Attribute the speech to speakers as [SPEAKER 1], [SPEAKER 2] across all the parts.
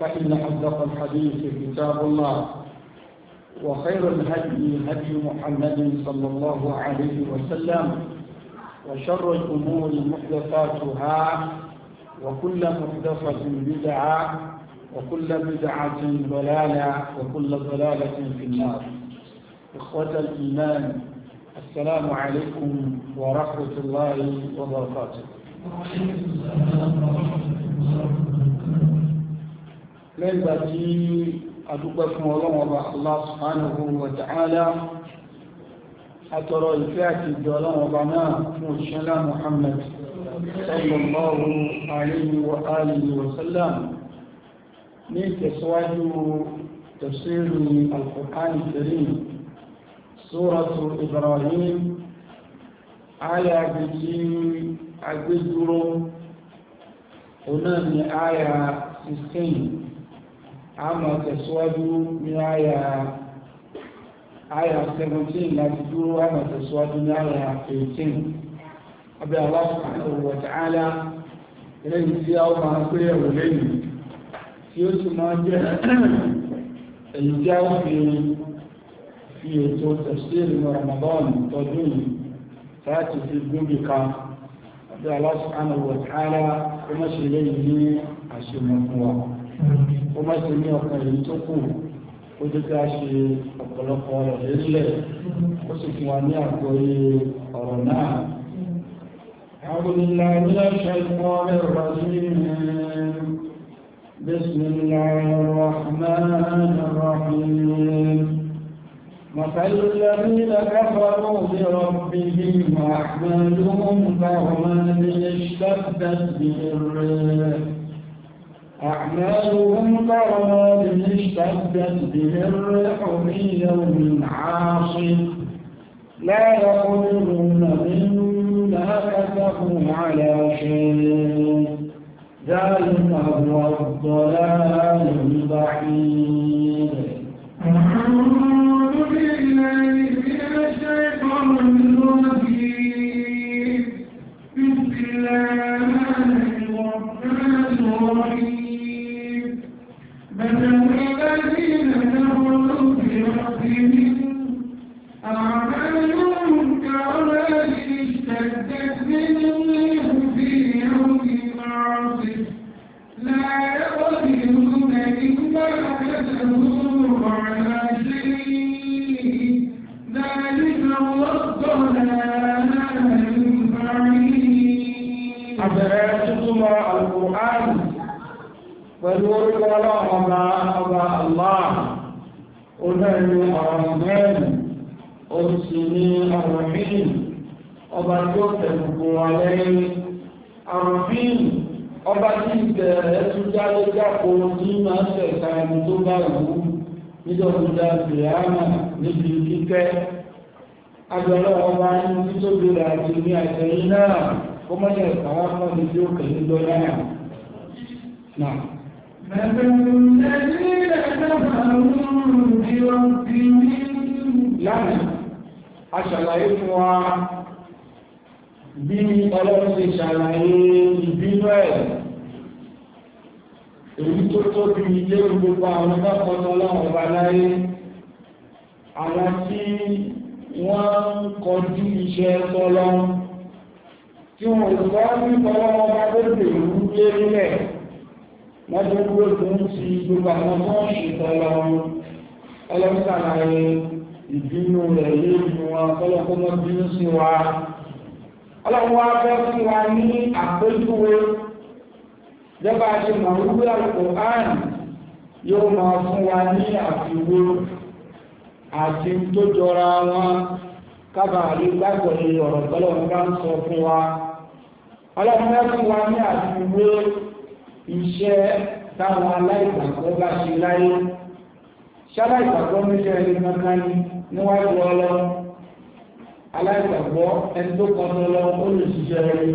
[SPEAKER 1] فإن أصدق الحديث كتاب الله وخير الهدي هدي محمد صلى الله عليه وسلم وشر الأمور محدثاتها وكل محدثة بدعة وكل بدعة ضلالة وكل ضلالة في النار إخوة الإيمان السلام عليكم ورحمة الله وبركاته lẹ́gbà tí adúgbẹ́ fún ọlọ́wọ́n bá Allah subhanahu wa ta'ala àtọrọ ìfẹ́ àti ìjọ ọlọ́wọ́n bá náà fún òṣìṣẹ́lá Muhammad
[SPEAKER 2] sallallahu
[SPEAKER 1] alayhi wa alihi wa sallam ní ìtẹ̀síwájú tafsiru al-Qur'an al-Karim 16 a máa tẹ̀síwájú ní àyà àyà 17 láti dúró a máa tẹ̀síwájú ní àyà 18 abẹ́ Allah subhanahu wa ta'ala eléyìí tí a ó máa pé ẹ̀wọ̀ lẹ́yìn tí ó sì máa jẹ́ èyí tí a ó fi fi ètò tẹ̀sílì ní Ramadan tọdún yìí láti fi gúnbì ká abẹ́ Allah subhanahu wa ta'ala ó máa ṣe lẹ́yìn ní àṣemọ̀kún wa ó má ṣe ní ọ̀kan èyí tó kù ó jẹ́ ká ṣe ọ̀pọ̀lọpọ̀ ọ̀rọ̀ lélẹ̀ ó sì fún wa بالله من الشيطان الرجيم بسم الله الرحمن الرحيم مثل الذين كفروا بربهم أعمالهم كرمال اشتدت به الريح أعمالهم كرماد اشتدت به الريح في يوم عاصف لا يقدرون مما كسبوا على شيء ذلك هو الضلال البعيد pẹ̀lú orúkọ ọlọ́run ọba ọba Allah onáàlú àwọn mẹ́rin oṣù ní àwọn mìíràn ọba tó tẹ̀gbùgbù wọn ọrụ àwọn ọba tí ìbẹ̀rẹ̀ tó jáde jápo ní máa ń tẹ̀ka tó bá wù níbi ọba ní Lánàá, a ṣàlàyé fún wa bí ọlọ́run ti ṣàlàyé ìbínú ẹ̀. Èyí tó tóbi ilé gbogbo àwọn mẹ́kọ̀ọ́nà ọlọ́run bá láyé, àwọn tí wọ́n ń kọjú iṣẹ́ tọ́lọ́, tí wọ́n lọ́wọ́ nípa ọlọ́run bá tó wọ́n tó dúró tó ń ti gbogbo àwọn mọ́ọ̀ṣì tọ́lọ ọlọ́sàlàyé ìbínú rẹ̀ léèmù wọn kọ́lọ́kọ́mọ́ bínú sí wa ọlọ́wọ́ abẹ́ fún wa Al-Qur'an yóò máa fún wa ní ọ̀rọ̀ tọ́lọ́ ń bá ń sọ fún wa ọlọ́wọ́ fún wa ní àfiwé iṣẹ́ táwọn aláìgbàgbọ́ bá ṣe láyé ṣáláìgbàgbọ́ níṣẹ́ ẹni kankan ni níwájú ọlọ aláìgbàgbọ́ ẹni tó kan tó lọ ó lè ṣiṣẹ́ rẹ̀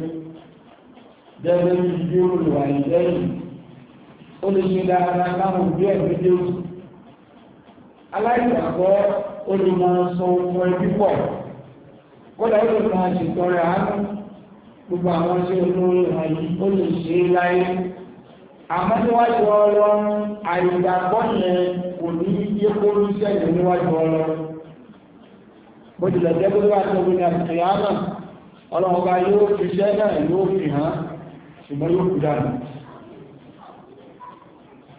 [SPEAKER 1] gẹ́gẹ́ bí ibi olùwà ìlẹ́yìn ó lè ṣe dáadáa táwọn òbí ẹ̀ méjèèjì aláìgbàgbọ́ ó lè máa sọ ohun ẹbí pọ̀ kódà ó lè máa ṣètọrẹ àánú gbogbo àwọn tí olóore wọ̀nyí ó lè ṣe láyé àmọ́ níwájú ọlọ́run àìgbàgbọ́ yẹn kò ní yé kóró sẹ́yìn níwájú ọlọ́run bó tilẹ̀ jẹ́ pé wá tóbi ní àtìyá náà ọlọ́run bá yóò fi iṣẹ́ náà yóò fi hàn ṣùgbọ́n yóò fi dànù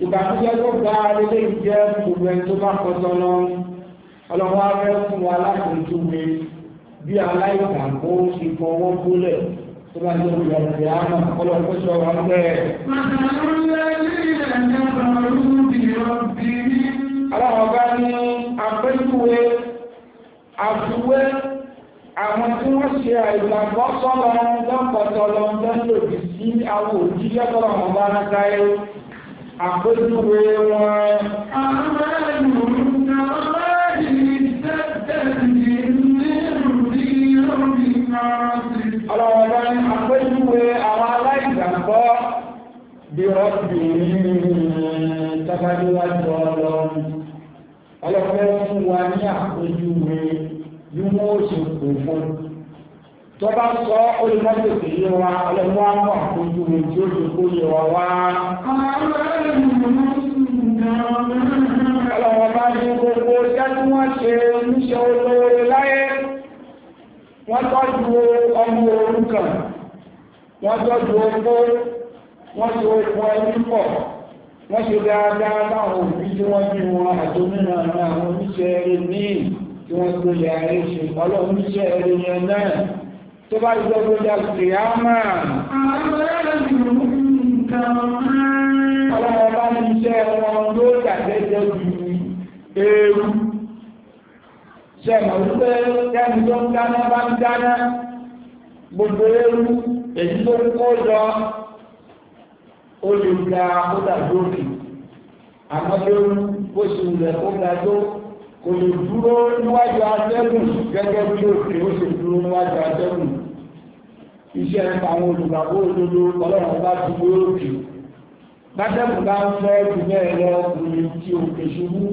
[SPEAKER 1] ìbànújẹ́ tó gba ilé ìjẹ́ gbogbo ẹni tó bá kọjọ lọ ọlọ́run á fún wa láti ojú mi bí aláìgbàgbọ́ ti fọwọ́ gbólẹ̀ Ìgbà tó ń bẹ̀rẹ̀ sí àmà ọlọ́pọ̀ ṣọ wọn bẹ́ẹ̀. Àwọn ọ̀gá ní àpẹ́júwe, àfiwé, àwọn tí wọ́n ṣe àìgbàgbọ́ sọ́lọ lọ́pọ̀tọ̀ lọ lọ́lòdì sí àwọn òjíṣẹ́ tọ́lọ̀ wọn bá ń dáyé. Àpẹ́júwe wọn. Àwọn ọlọ́wọ́ bá ní àpéjúwe àwọn aláìgbàgbọ́ bí rọ́bì tàbájúwájú ọlọ́run ọlọ́fẹ́ fún wa ní àpéjúwe bí wọ́n ṣe kò fún tó bá sọ olùmọ́tòkè yé wa ọlọ́wọ́ àwọn àpéjúwe tí ó ṣe kó yé wa wá ọlọ́wọ́ bá ní gbogbo jẹ́ tí wọ́n ṣe níṣẹ́ olóore láyé wọ́n tọ́jú ọmọ orúkàn wọ́n tọ́jú ọkọ́ wọ́n tó ọkọ̀ ẹni pọ̀ wọ́n ṣe dáadáa láwọn òbí tí wọ́n bí wọn àtòmínà àwọn oníṣẹ́ eré míì tí wọ́n tó lè ààrẹ ṣe ọlọ́run oníṣẹ́ eré yẹn náà tó bá jẹ́ tó já sí àmà ọlọ́run bá ní iṣẹ́ wọn ló dàgẹ́gẹ́ bí ewu ṣe mọ̀ wípé kẹ́mi tó ń dáná bá ń dáná gbogbo ewu èyí tó ń kó lọ ó lè ga ó dàbí òkè àmọ́ ewu bó ṣe wulẹ̀ ó ga tó kò lè dúró níwájú atẹ́gùn gẹ́gẹ́ bí òkè ó ṣe dúró níwájú atẹ́gùn iṣẹ́ àwọn olùgbàgbọ́ òdodo ọlọ́run bá dúró òkè bátẹ́gùn bá ń fẹ́ jù bẹ́ẹ̀ lọ kò òkè ṣubú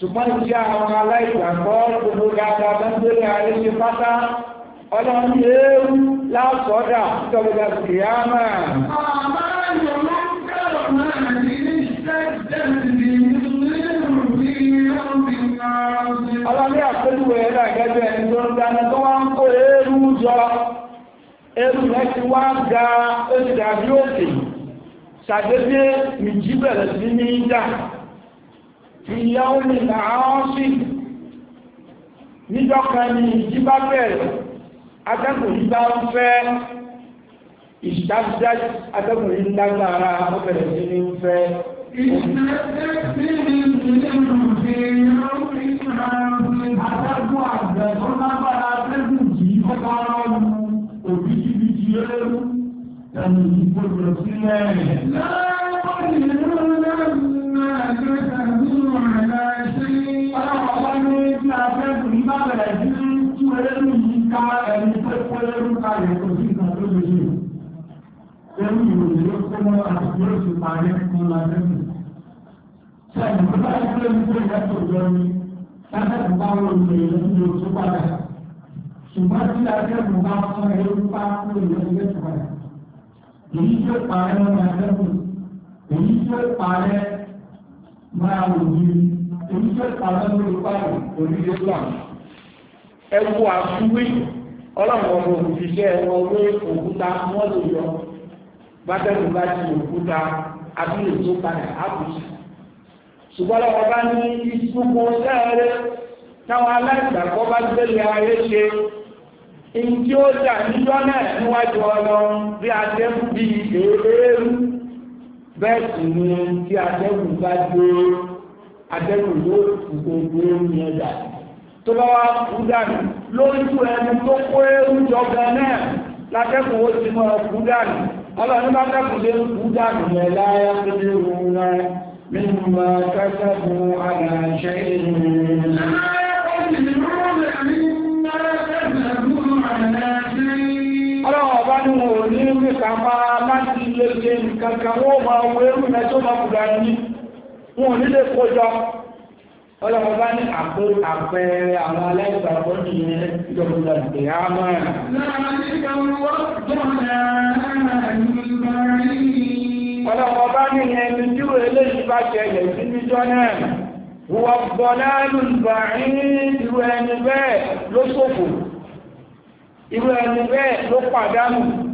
[SPEAKER 1] ṣùgbọ́n tí àwọn aláìgbàgbọ́ gbogbo dáadáa lọ́gbẹ̀rẹ̀ ayé ṣe pátá ọlọ́run eérú lásọ̀ọ́dà tọ́gbẹ̀dà kìíyàmà
[SPEAKER 2] ọlọ́run
[SPEAKER 1] àpẹẹlúwẹ̀ ẹ̀rọ àgẹ́gẹ́ ẹni tó ń dáná tó wá ń kó eérú jọ eérú rẹ̀ ti wá ga oṣù dàbí òkè ṣàdédé nìjí bẹ̀rẹ̀ sí ní ìjà ìyàwó ni làásì níjọ́ka ni ìjí bá bẹ̀rẹ̀ atẹ́kùn yìí bá ń fẹ́ ìṣàbíjá atẹ́kùn yìí lágbára ọbẹ̀rẹ̀ sí ní ń fẹ́ Ẹni ìgbòrò sílẹ̀ láàrín ìlú náà Ẹ̀rù ìròyìn ló kó mọ́ àti yóò ti parí fún Lálẹ́bù. Ṣẹ̀yìn tó bá ṣe ń gbé ìyàtọ̀ lọ ní Lálẹ́bù bá wọ́n lè ní oṣù padà. Ṣùgbọ́n tí Lálẹ́bù bá fún ẹ̀rù bá kú ìyàtọ̀ lẹ́tù padà. Èyí tó parẹ́ mọ́ Lálẹ́bù. Èyí tó parẹ́ máa wò ní oníṣẹ́ àlọ́nà olùpáàrù orílẹ̀ islam ẹwọ àfiwé ọlọ́run ọmọ òṣìṣẹ́ ọwọ́ òkúta wọ́n lè yọ bátẹ́lù bá ti òkúta abúlé tó padà ápùsì ṣùgbọ́n lọ́wọ́ bá ní ìsúnkú sẹ́ẹ̀rẹ́ táwọn aláìgbàgbọ́ bá gbélé ayé ṣe ìdí ó dà níjọ́ náà níwájú ọlọ́run bí a jẹ́ bí èèrú bẹ́ẹ̀ sì ni tí atẹ́gùn bá dé atẹ́gùn yóò fi gbogbo yẹn dà tó bá wá kú dànù lórí tó ẹni tó kó ewu jọ gan náà látẹ́kùn ó ti máa kú dànù ọlọ́run bá tẹ́kùn lé kú dànù yẹn láyá tó lé wọn rẹ nínú máa kẹ́kẹ́kùn àgbàṣe ìrìn ọlọ́run ọba ni wọn ò ní kápá láti ilé ṣe nǹkankan wọ́n ma wo erú ẹjọ́ ma kùdà ní wọn nílé kọjọ ọlọ́pàá ní àpẹẹrẹ àwọn aláìgbàgbọ́ ní ìjọba ìgbéyàmọ́ ọlọ́pàá ní ẹni tí ó eléyìí bá ṣẹlẹ̀ sí níjọ́ náà wọ́n gbọ́nà lùbàárín ìrú ẹni bẹ́ẹ̀ ló ṣòfò ìrú ẹni bẹ́ẹ̀ ló pàdánù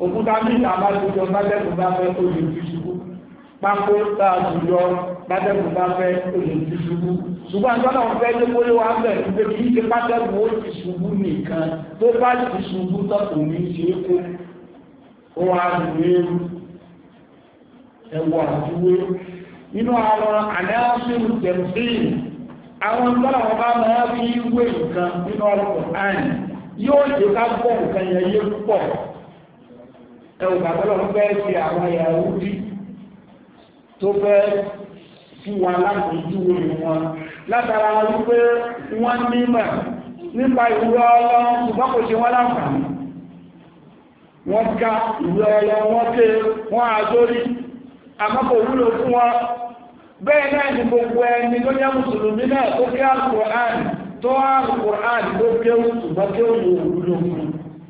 [SPEAKER 1] òkúta mítà bá ti bá fẹ́ fi ṣubú pákó tá a ti bá fẹ́ fi ṣubú ṣùgbọ́n àtọ́nà ọ̀fẹ́ tó bẹ̀ pé ṣe ó ti ṣubú nìkan tó bá ti ṣubú ní ṣe é kó ó wá ẹ̀wọ̀ àdúwé nínú àwọn àwọn máa fi wé nǹkan nínú yóò ká ẹwù bàbá lọ fẹ́ fi àwọn ìyàwó bí tó fẹ́ sí wọn láti júwe wọn látara wípé wọ́n nímọ̀ nípa ìwé ọlọ́run ṣùgbọ́n kò ṣe wọ́n láǹfààní wọ́n ká ìwé ọlọ́run wọ́n ké wọ́n àjórí àmọ́ kò wúlò fún wọn bẹ́ẹ̀ náà ni gbogbo ẹni tó jẹ́ mùsùlùmí náà tó ké àlùkùránì tó àlùkùránì tó ké ṣùgbọ́n ké òwúlò fún un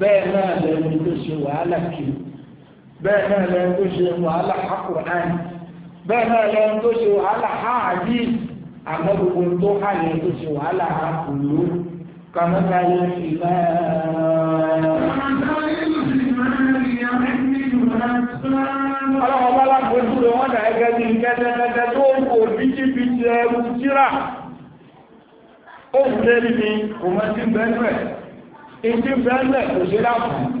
[SPEAKER 1] bẹ́ẹ̀ náà lẹ́nu tó ṣe wàhálà kiri bẹ́ẹ̀ náà lẹ́nu tó ṣe wàhálà hakurán bẹ́ẹ̀ náà lẹ́nu tó ṣe wàhálà haadi àmọ́ gbogbo tó hà lẹ́nu tó ṣe wàhálà hakulu kàmọ́ta yẹn fi bẹ́ẹ̀. Ọlọ́run ọba lápòjú rẹ̀ wọ́n dàá gẹ́gẹ́ bí kẹ́tẹ́kẹ́tẹ́ tó ń kò bíjìbìjì ẹrù tíra. Ó ń lérí ni kò mọ́ sí bẹ́ẹ̀ ìdí bẹ́ẹ̀lẹ̀ kò ṣe láàfún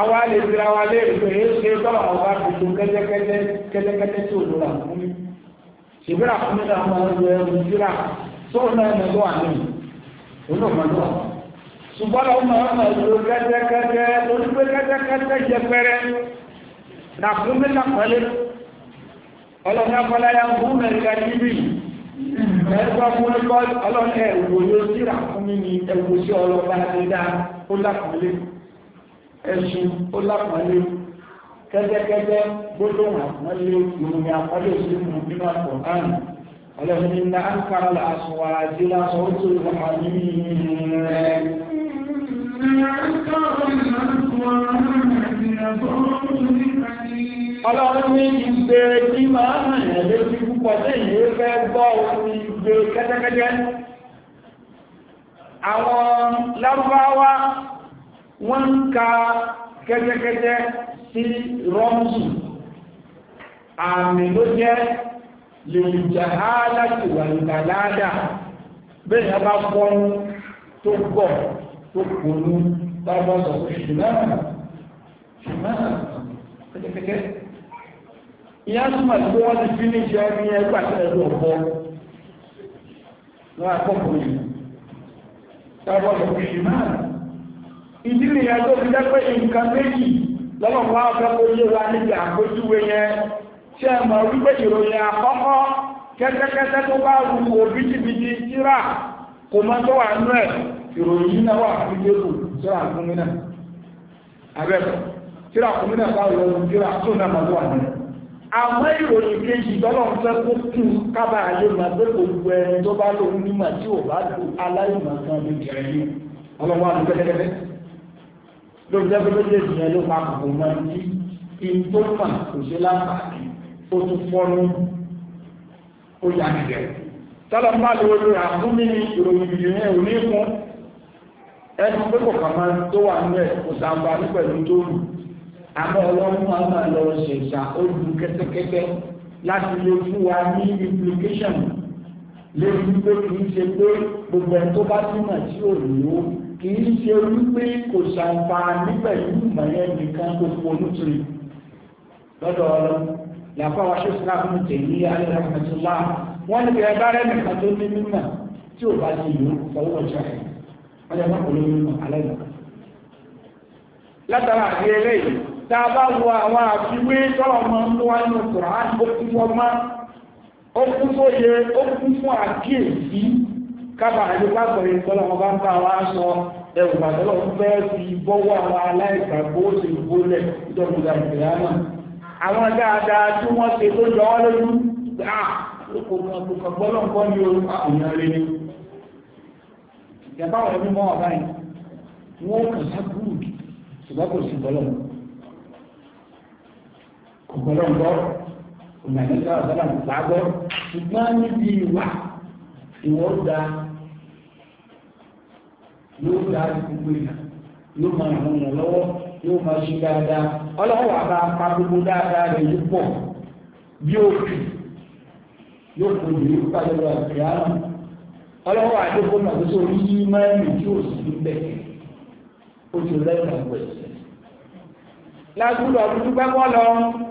[SPEAKER 1] àwa lè fira wa lè pè é ṣe tọ́lọ̀ ọba tuntun kẹ́tẹ́kẹ́tẹ́ kẹ́tẹ́kẹ́tẹ́ tí ò lọ́la fún mi ṣèbíra fún mi náà máa ń lo ẹrù síra tó náà ń lọ àná olóòmọdọ́ ṣùgbọ́n lọ́wọ́ máa ń lo kẹ́tẹ́kẹ́tẹ́ lórí pé kẹ́tẹ́kẹ́tẹ́ ẹ̀wò yóò síra fún mi ní ẹ̀wò sí ọlọ́ba ó lápàálé ẹṣin ó lápàálé kẹ́jẹ́kẹ́jẹ́ gbólóhùn àpọ́nlé ìròyìn àpọ́nlé òṣèlú nínú àpọ̀ àrùn ọlọ́run iná ń kára àṣùwà àti láṣọ ó tó ìwà àmì rẹ̀ ọlọ́run ní ìgbé tí máa hàn ẹ̀lẹ́sí púpọ̀ tẹ́yìn fẹ́ gbọ́ òun ìgbé kẹ́jẹ́kẹ́jẹ́ àwọn lárúbáwá wọ́n ń ka kẹ́kẹ́kẹ́kẹ́ sí rọ́mùsù àmì ló jẹ́ lèjàhá láti wà ìgbàláàdà bẹ́ẹ̀ yẹn bá fọ́nú tó gọ̀ tó kòlú lárúbá sọ pé ṣùgbọ́n ṣùgbọ́n kẹ́kẹ́kẹ́ ìyá súnmọ̀ tí wọ́n ti fi ní ṣe ẹni tàbọ̀lù ìṣìmáà ìdílé yẹn tó fi dẹ́pẹ́ nǹkan méjì lọ́wọ́ wá fẹ́ kó yé wa níbi yẹn tí ẹ mọ̀ wípé ìròyìn àkọ́kọ́ tó bá òbítíbitì síra kò mọ́ tó wà nú ẹ̀ ìròyìn náà wà fún jésù síra síra síra tó náà mọ́ àmọ́ ìròyìn kejì tọ́lọ́run fẹ́ kó kún kábà ayé máa pé gbogbo ẹni tó bá lòun nímọ̀ tí ò bá lò aláìmọ̀ kan ló jẹ́ yìí ọlọ́wọ́ àti pẹ́lẹ́pẹ́lẹ́ lórí jẹ́ pé méjèèjì yẹn ló pa kò mọ ní kí n tó mà kò ṣe láǹfààní ó tún fọ́nú ó yà nìyẹn tọ́lọ́ bá lò ó lórí àkúnmí ni ìròyìn ìròyìn yẹn ò ní kún ẹni pé kò kàn máa tó wà nílẹ̀ kò sàǹfààní pẹ̀lú tó lù àmọ́ ọlọ́run máa máa lọ ṣèṣà ojú kẹ́tẹ́kẹ́tẹ́ láti lè fún wa ní implication lórí pé kì í ṣe pé gbogbo ẹ̀ tó bá túmọ̀ tí ò lò ó kì í ṣe wípé kò ṣàǹfààní pẹ̀lú ìmọ̀lẹ́ nìkan tó fonú tiri lọ́dọ̀ ọlọ́ làfáwá ṣe sílá fún tèmi alẹ́ rahmatullah wọ́n ní bẹ̀rẹ̀ bá rẹ̀ nìkan tó ní mímọ̀ tí ò bá ti lò ó fọwọ́ ọjọ́ ẹ̀ wọ́n jẹ́ mọ́kànlélógún alẹ́ nìkan látara àti eléyìí tá a bá wo àwọn àfiwé tọ́lọ̀ mọ́ ń wá nínú Kùránì ó kún fún ọmọ ó kún fún òye ó kún fún àkíyèsí kábàá ní pápọ̀ yìí tọ́lọ̀ wọn bá ń bá wa sọ ẹ̀wù bàtọ́lọ̀ ń fẹ́ fi bọ́wọ́ àwọn aláìgbàgbọ́ ó sì gbólẹ̀ ìjọba ìgbà náà àwọn dáadáa tí wọ́n ṣe tó jọ ọ́ lójú gbà kò kò gbọ́lọ̀ ń kọ́ ní orúkọ àwọn ọ̀rẹ́ ni ìjọba ọ̀rẹ́ mímọ́ ọ̀bá yìí wọ́n kàn sá gúrù ṣùgbọ́n kò sí gbọ́lọ̀ ọ̀gbọ̀lọ́gbọ́ ṣùgbọ́n níbi ìwà ìwọ́n da yóò da gbogbo ìlà yóò máa ràn yàn lọ́wọ́ yóò máa ṣe dáadáa ọlọ́wọ́ àbá pa gbogbo dáadáa rẹ̀ yóò pọ̀ bí ó kì yóò kò lè àti ọlọ́wọ́ àdókò náà tó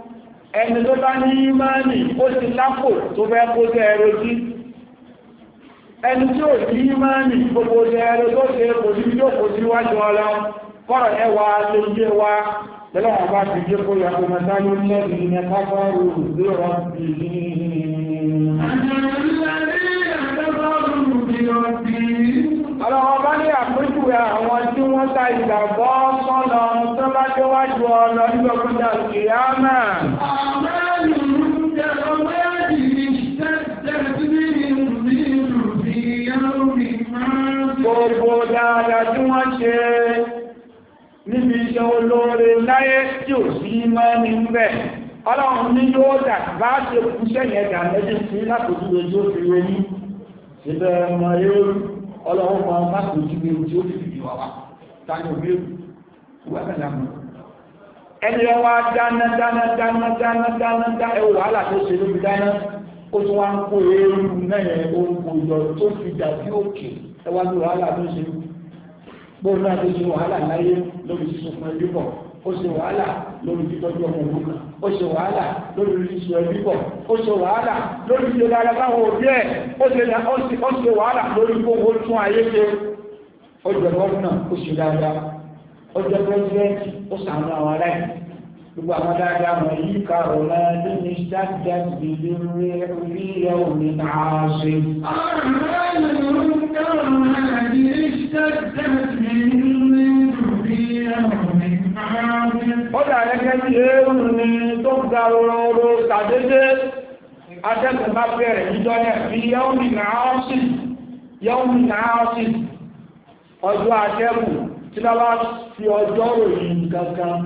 [SPEAKER 1] ẹni tó bá ní ìmáànì ó ti lápò tó fẹ́ kó jẹ́ ẹrọ sí ẹni tí ó ní ìmáànì gbogbo jẹ́ ẹrọ tó ṣe kò sí yóò kò sí wájú ọlọ fọ́rọ̀ ẹwà tó yé wa lọ́wọ́n bá ti jẹ́ kó yàtọ̀ mẹ́ta ló lẹ́bi ní ẹ̀ká fọ́rọ̀ òṣèré rọ́bì ọlọ́wọ́n bá ní àpéjọ júwe àwọn tí wọ́n ta ìgbàgbọ́ sọ́nà tó bá déwájú ọ̀nà nígbàgbọ́dà kìámà.
[SPEAKER 2] Gbogbo dáadáa tí wọ́n ṣe
[SPEAKER 1] níbi iṣẹ́ olóore láyé tí ò sí mọ́ ní bẹ̀. Ọlọ́run ní yóò dà bá ṣe kúṣẹ́ yẹn dà méjì sí látòjú ojú rẹ̀ ní. Ṣé mọ̀ yóò rí? ọlọ́wọ́ fún ọmọ máa kojú bí ojú ó fi wà wá tani ò bẹ́ẹ̀ wà kàdà mọ́ ẹni ẹ wá dáná dáná dáná dáná dáná dá ẹ wàhálà tó ṣe lóbi dáná ó tún wá ń kó eérú náà yẹn ó ń kó yọ tó fi dà sí òkè ẹ wá ní wàhálà tó ṣe gbóòórùn náà tó ṣe wàhálà láyé lóbi sísun fún ẹbí bọ̀ ó ṣe wàhálà lórí títọ́jú ọmọ òun kan ó ṣe wàhálà lórí iṣẹ́ ẹbí pọ̀ ó ṣe wàhálà lórí ṣe dára báwọn òbí ẹ̀ ó ṣe wàhálà lórí kóhó tún ayé ṣe ó jẹ gọ́ọ̀nà ó ṣe dáadáa ó jẹ pẹ́sidẹ́ntì ó sàánú àwọn ará ẹ̀ gbogbo àwọn dáadáa wọn yìí kàrọ̀ náà nínú ṣáàjà ìdílé rí orí ẹ̀ òní náà ṣe. ọ̀rọ̀ náà ló ń kàrọ̀ náà ní ṣáàjà kọ́dà ẹgbẹ́ tí eérùn ni tó ga rororo tàdédé atẹ́kùn bá bẹ̀rẹ̀ níjọ́ náà bí yẹ́ùnì náàọ́sì yẹ́ùnì náàọ́sì ọjọ́ atẹ́kùn tí bá bá fi ọjọ́ ròyìn kankan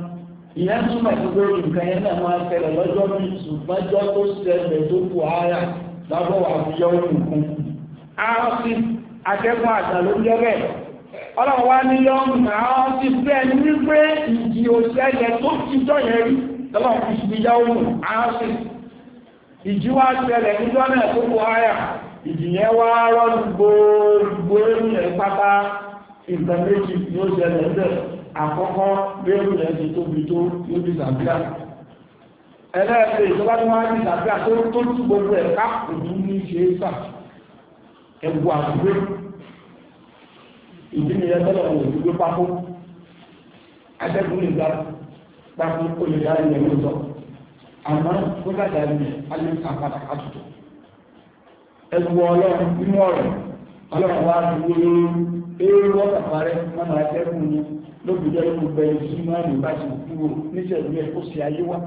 [SPEAKER 1] ìyẹn túmọ̀ sí pé nǹkan yẹn náà máa ṣẹlẹ̀ lọ́jọ́ bí ṣùgbọ́njọ́ tó ṣẹlẹ̀ tó kù ara lábọ̀ wà fi yẹ́ùnì kún áàsì atẹ́kùn àgbà ló jẹ́ bẹ́ẹ̀ ọlọ́run wá ní yọ́n àwọn ti bẹ́ẹ̀ ní wípé ìjì òṣèlè tó ti jọyẹ̀ rí lọ́wọ́n fi ṣubí yá òun àwọn sí ìjì wá ṣẹlẹ̀ ní jọ́nà tó kó háyà ìjì yẹn wá rọ́nù gbogbo ènìyàn pátá ìgbà méjì ni ó ṣẹlẹ̀ bẹ́ẹ̀ àkọ́kọ́ bí ènìyàn ti tóbi tó yóò di sàbíà ẹlẹ́ẹ̀kẹ́ ìjọba tí wọ́n á di sàbíà tó tó gbogbo ẹ̀ká òun ní ṣe é sà ẹ̀wù àdúgbò ìdí mi yẹ tọ́lọ̀ ní ìdúgbò pákó atẹ́kùn lè gba pákó kó lè dá ilẹ̀ ló sọ àmọ́ kó dàda ilẹ̀ alẹ́ àpàdà àtútù ẹgbẹ́ ọlọ́run nínú ọ̀rọ̀ ọlọ́run wa dúró lórí eérú ọ̀tàpá rẹ̀ mọ́nà atẹ́kùn ni lóbi jẹ́ lóko bẹ ìsú máa ní bá ti kúrò níṣẹ̀lú ẹ̀ kó ṣe ayé wá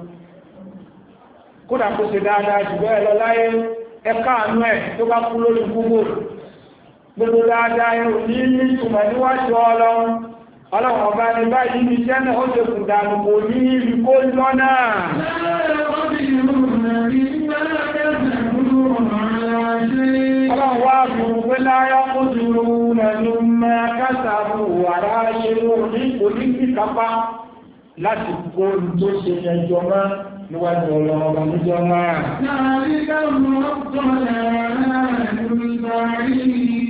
[SPEAKER 1] kódà kó ṣe dáadáa jù bẹ́ẹ̀ láyé ẹ̀ka ẹ̀ tó bá kú lórí gbogbo gbogbo dáadáa ẹrù ní ní ìtumọ̀ níwájú ọlọ́run ọlọ́run ọba ní báyìí ní iṣẹ́ náà ó ṣe kù dànù kò ní ìlú kó lọ́nà ọlọ́run wá bùrù pé láyá kó dúró lẹ́nu mẹ́ kásàbù wàrá ṣe ní oníkì kápá láti kó tó ṣe ẹjọ́ mọ́ níwájú ọlọ́run ọba níjọ́ náà. Láàrín ká mọ́ ọ̀tọ̀ ẹ̀rọ ẹ̀rọ ìgbà rí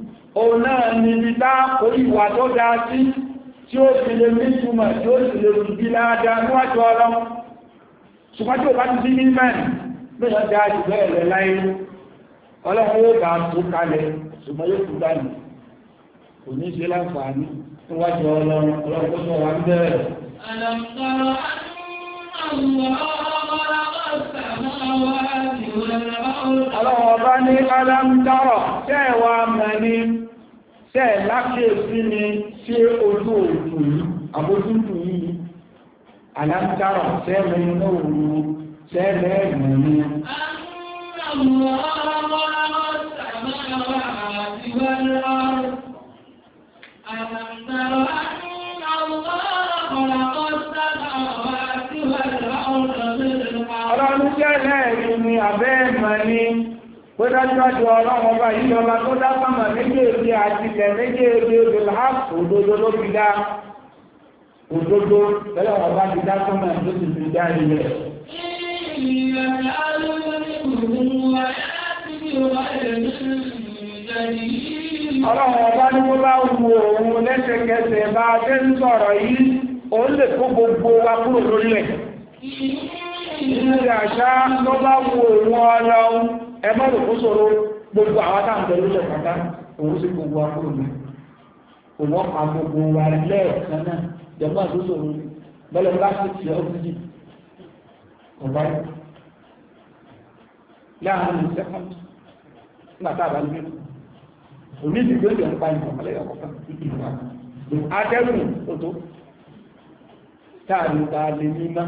[SPEAKER 1] òun náà ni bí láàkó ìwà tó dáa sí tí ó sì lè ní túnmọ̀ tí ó sì lè rùbí láàdá níwájú ọlọ́run ṣùgbọ́n tí ó bá ti sí ní mẹ́rin mẹ́rin dáa jù bẹ́ẹ̀ rẹ̀ láyé ọlọ́run yóò bá tó kalẹ̀ ṣùgbọ́n yóò kú dànù kò ní ṣe láǹfààní níwájú ọlọ́run ọlọ́run tó sọ wà ń bẹ̀rẹ̀ Ọlọ́wọ́ ọba ní alámdárọ̀ tẹ́ wà mẹ́ni tẹ́ lákèsí ni sí ojú òkú yìí, àbójútù yìí, alámdárọ̀ tẹ́ mẹ́ni náà wù tẹ́ mẹ́ni.
[SPEAKER 2] Alámdárọ̀ jẹ́
[SPEAKER 1] lẹ́ẹ̀rin ni àbẹ́ ẹ̀mọ̀ ni pé dájúdájú ọlọ́run ọba tó dá sánmà àti ilẹ̀ méjèèjì bilhaq òdodo ló fi dá òdodo tẹ́lẹ̀ ti dá tó ti fi dá ilẹ̀.
[SPEAKER 2] ọlọ́run ní
[SPEAKER 1] kó bá wu òun lẹ́sẹ̀kẹsẹ̀ bá fẹ́ sọ̀rọ̀ yìí ìrìnàṣá ló bá wo òun ọlọ́run ẹgbẹ́ òkú sọ̀rọ̀ gbogbo àwọn táwọn pẹ̀lú ṣẹ̀kọ́tá òun sí gbogbo akúrò òun ọ̀pá gbogbo wa lẹ́ẹ̀kan ọrụ ta lè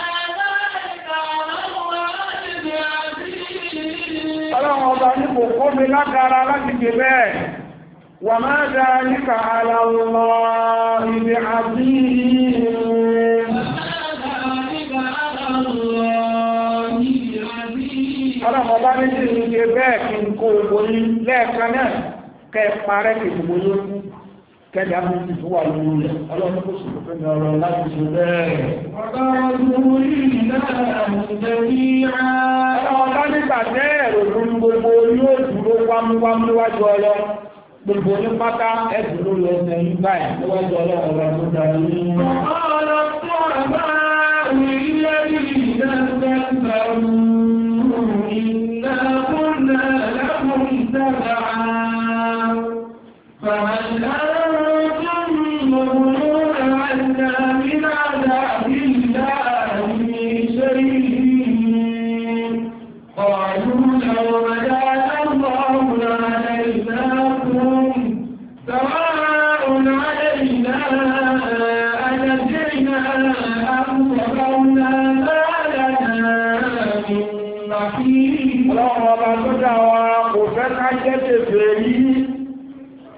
[SPEAKER 1] ọlọ́run ọba ní kò kó mi lágara láti gbé bẹ́ẹ̀ wà máa dá níka ara lọ ibi àbí ọlọ́run ọba ní kí n gbé bẹ́ẹ̀ kí n kó ogun lẹ́ẹ̀kan náà kẹ́ parẹ́ kí gbogbo yóò kẹ́lẹ̀ àbúrú tó wà lórí rẹ̀ ọlọ́run kò sì fẹ́ mi ọ̀rọ̀ láti ṣe bẹ́ẹ̀.
[SPEAKER 2] ọ̀dọ́ ọdún orí náà àmúdẹ́
[SPEAKER 1] ní àárọ̀. ọ̀dọ́ nígbà bẹ́ẹ̀ rògbòn gbogbo yóò dúró wámúwámú wájú ọlọ́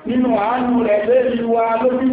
[SPEAKER 1] nínú àánú rẹ̀ lérí wa lórí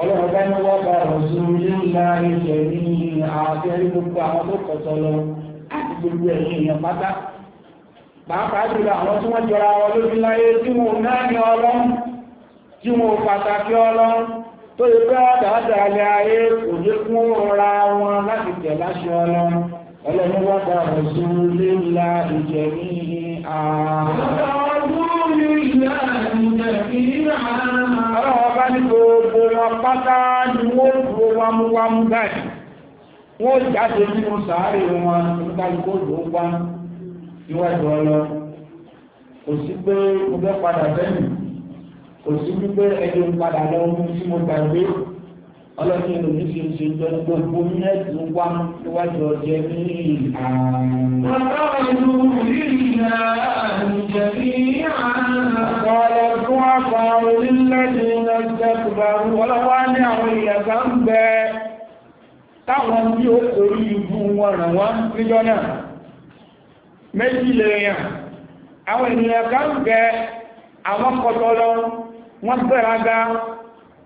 [SPEAKER 1] ọlọ́run bá ní wọ́n bá ọ̀sùn nílá ilẹ̀ ní àfẹ́rí gbogbo àwọn tó kọ̀tọ̀ lọ àti gbogbo ẹ̀yìn èèyàn pátá pàápàá jùlọ àwọn tí wọ́n jọra wọn lójú láyé tí wọn náà ọlọ́run tí wọn pàtàkì ọlọ́run tó yẹ pé àdáadáa lẹ ayé kò ní kún ra wọn láti tẹ̀ láṣẹ ọlọ́run ọlọ́run wọ́n bá ọ̀sùn nílá ìjẹ̀mí ààrùn Ọlọ́wọ́ bá ní gbogbo wọn pátá ni wọ́n dúró wámúwámú báyìí. Wọ́n jáde nínú sàárè wọn nígbàlùkò ló ń wá níwájú ọlọ. Kò sí pé mo fẹ́ padà bẹ́yìn. Kò sí wípé ẹjọ́ padà lọ mú sí mo gbàgbé ọlọ́sìn lòmí fi ṣe jọ gbogbo mẹ́tì wá níwájú ọjọ́ ní ààrùn. Ọ̀rọ̀ fún àpá orílẹ̀-èdè Nàìjíríà ọlọ́wọ́ ní àwọn ìyàgbá ń bẹ táwọn tí ó kòrí ibú wọn ràn wọ́n níjọ́ náà. Méjì lè yàn, àwọn ènìyàn kan bẹ àwọn kọtọ lọ, wọ́n gbẹ̀rágá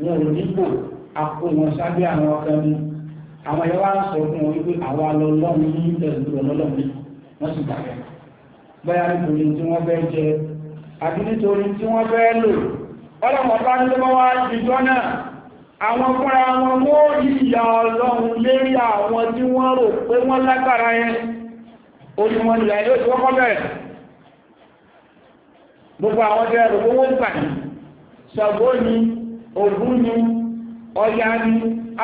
[SPEAKER 1] wọn ò nípò akó wọn sábẹ́ àwọn ọkàn mi àwọn ẹ̀yọ́ wá ń sọ fún wọn wípé àwọn alọ́lọ́run ní pẹ̀lú ọlọ́lọ́run wọ́n sì dàgbẹ́ bẹ́ẹ̀ nítorí tí wọ́n fẹ́ jẹ àti nítorí tí wọ́n fẹ́ lò ọlọ́pàá bá ń lọ́wọ́ wá ìjọ náà àwọn fúnra wọn mọ́ ìyà ọlọ́run lérí àwọn tí wọ́n rò pé wọ́n lágbára yẹn onímọ̀ ìyà yóò ti wọ́kọ́ bẹ̀rẹ̀ gbogbo àwọn jẹ́ rògbówó ń pàdé ṣàgbó ni ògún ni ọya ni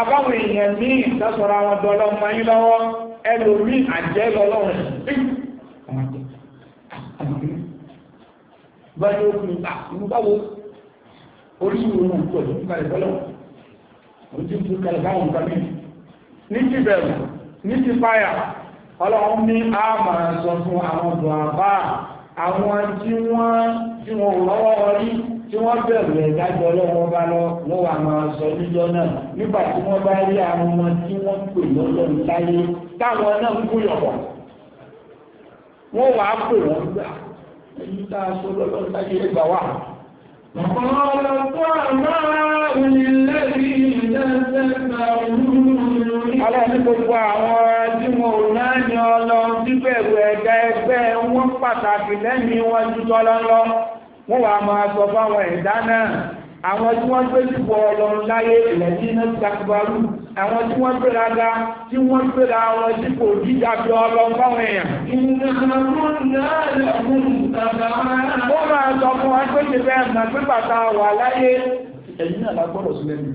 [SPEAKER 1] abáwọn èèyàn ní ìtọ́sọ̀rọ̀ àwọn dọ́lọ́ mayín lọ́wọ́ ẹlòmí àjẹ́ ọrụ ọrụ ní ọlọ́run ní a máa sọ fún àwọn àbá àwọn tí wọ́n tí wọ́n lọ́wọ́ tí wọ́n bẹ̀rù ẹ̀dájọ́ ọlọ́wọ́ bá lọ wọ́n wà máa sọ níjọ́ náà nígbà tí wọ́n bá rí àwọn ọmọ tí wọ́n pè lọ́lọ́run láyé táwọn náà ń gbúyọ̀pọ̀ wọ́n wà á pè wọ́n gbà ẹni tá a sọ lọ́lọ́run láyé ẹgbà wà. Ọlọ́run gbogbo àwọn tí wọn ò náà ní ọlọ́run bíbẹ̀rù ẹ̀dá ẹgbẹ́ wọn pàtàkì lẹ́mìí wọn jù tọ́lọ́lọ́ wọ́n wá máa sọ fáwọn ẹ̀dá náà àwọn tí wọ́n gbé jùpọ̀ ọlọ́run láyé ilẹ̀ ní iná takubaru àwọn tí wọ́n gbéra ga tí wọ́n gbéra wọn dípò jíjà fi ọlọ́run fáwọn èèyàn. wọ́n máa sọ fún wa pé ṣẹlẹ̀ ẹ̀mà pé bàtà wà láyé ẹ̀yìn náà lágbọ́dọ̀ sílẹ̀ mi.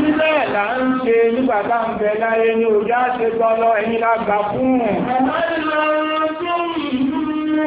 [SPEAKER 1] Nílẹ̀ là ń ṣe nígbà tá ń bẹ láyé ní ojú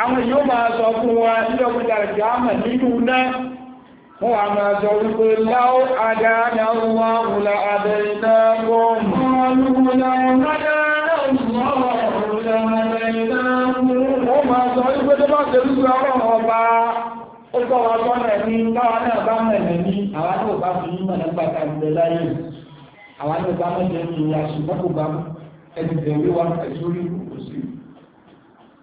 [SPEAKER 1] àwọn yóò máa sọ fún wa nílọ́gbìdà ìjáàmà nínú náà wọ́n wà máa sọ wípé láó àdáadà wọ́n wùlà àbẹ̀ iná wọ́n máa sọ wípé tó bá tẹ̀lú sí ọlọ́run ọba ó kọ́ wa lọ́nà ní táwọn náà bá mẹ̀rẹ̀ ní àwọn tó bá fi ní mọ̀nà gbàtà ìgbẹ̀ láyé àwọn tó bá mẹ́jẹ̀ ní ìyá ṣùgbọ́n kò bá ẹgbẹ̀rẹ̀ wá ẹ̀sùn orí òsì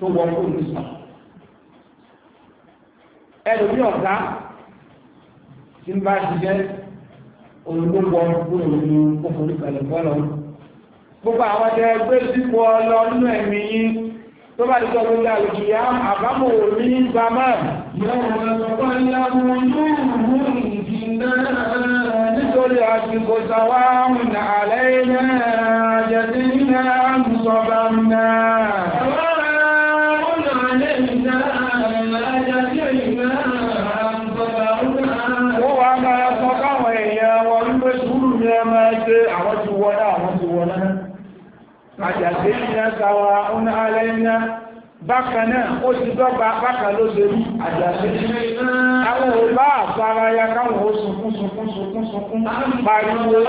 [SPEAKER 1] tó wọ fóònù sàn ẹlòmí ọ̀gá tí ń bá ṣiṣẹ́ olùdókòwò fóònù òfòrí kalẹ̀ bọ́lọ̀ gbogbo àwọn ẹgbẹ́ gbé sípò ọlọ nínú ẹ̀mí yín tó bá dìjọ́ lórí àlùkìyà àbámọ̀ òní ń gba máa nítorí àsìkò sàwáhùn àlẹ́ ilẹ̀ àjẹ́sí ní àmì sọ̀bàmù náà àjàdéyìnà sáwà ọ̀nà alẹ́yìnà bákanná ó ti dọ́gba bákan ló ṣe rí àjàdéyìnà àwọn òbá àfara ya káwọn ó sunkún sunkún sunkún sunkún pariwo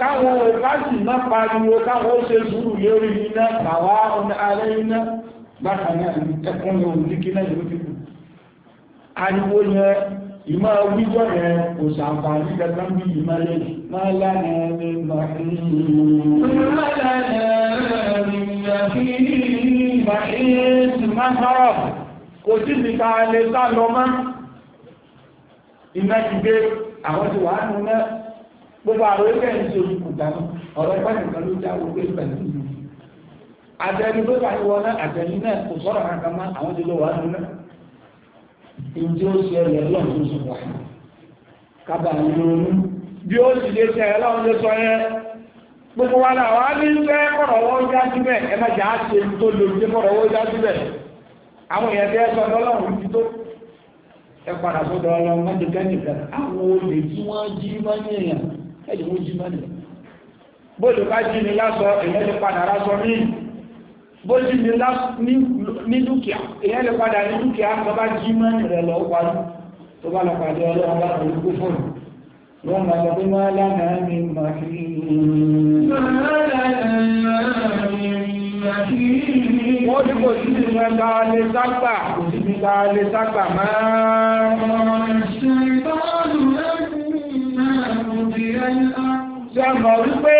[SPEAKER 1] káwọn òbá sì má pariwo káwọn ó ṣe sùúrù lórí iná sáwà ọ̀nà alẹ́yìnà bákanná ẹkùn yóò ní kí náà yóò ìmọ̀ wíjọ́ yẹn kò ṣàǹfààní gẹ́gẹ́ bí ìmọ̀ lẹ́yìn máa lánà ní màáyí. máa lánà ní màáyí ti máa hàn kò sí ti ká lè sá lọ mọ́. iná ti gbé àwọn ti wà nù náà gbogbo àwọn ẹgbẹ́ ń ṣe olùkùtà ọ̀rọ̀ ẹgbẹ́ nìkan ló já gbogbo ìgbà sí ìlú. àtẹni tó bá ti wọ náà àtẹni náà kò sọ̀rọ̀ kankan mọ́ àwọn ti lọ wà nù náà. ọrụ ó ṣe ẹ̀rẹ̀ lọ́nà tó wà kábà lóòrùn bí ó sì lè ṣe ẹ̀rọ ọ̀dọ́ sọ yẹn gbogbo wa náà wá ní fẹ́ kọ̀rọ̀wọ́ já síbẹ̀ ẹ má jà á ṣe tó lè ṣe síbẹ̀ àwọn èèyàn tẹ́ sọ ti tó ẹ padà ọlọ́run àwọn olè tí wọ́n jí ní èèyàn jí ní bóòlù jí ni lásọ èèyàn ti padà rásọ míì bó ti ní ní dúkìá èyàn lè padà ní dúkìá tó bá jí mọ́ rẹ̀ lọ parí tó bá lọ pàdé ọlọ́run bá pẹ̀lú kó fún wọn máa sọ pé wọ́n lánàá mi máa fi wọ́n tí kò sí ìrìn ẹ̀ta wípé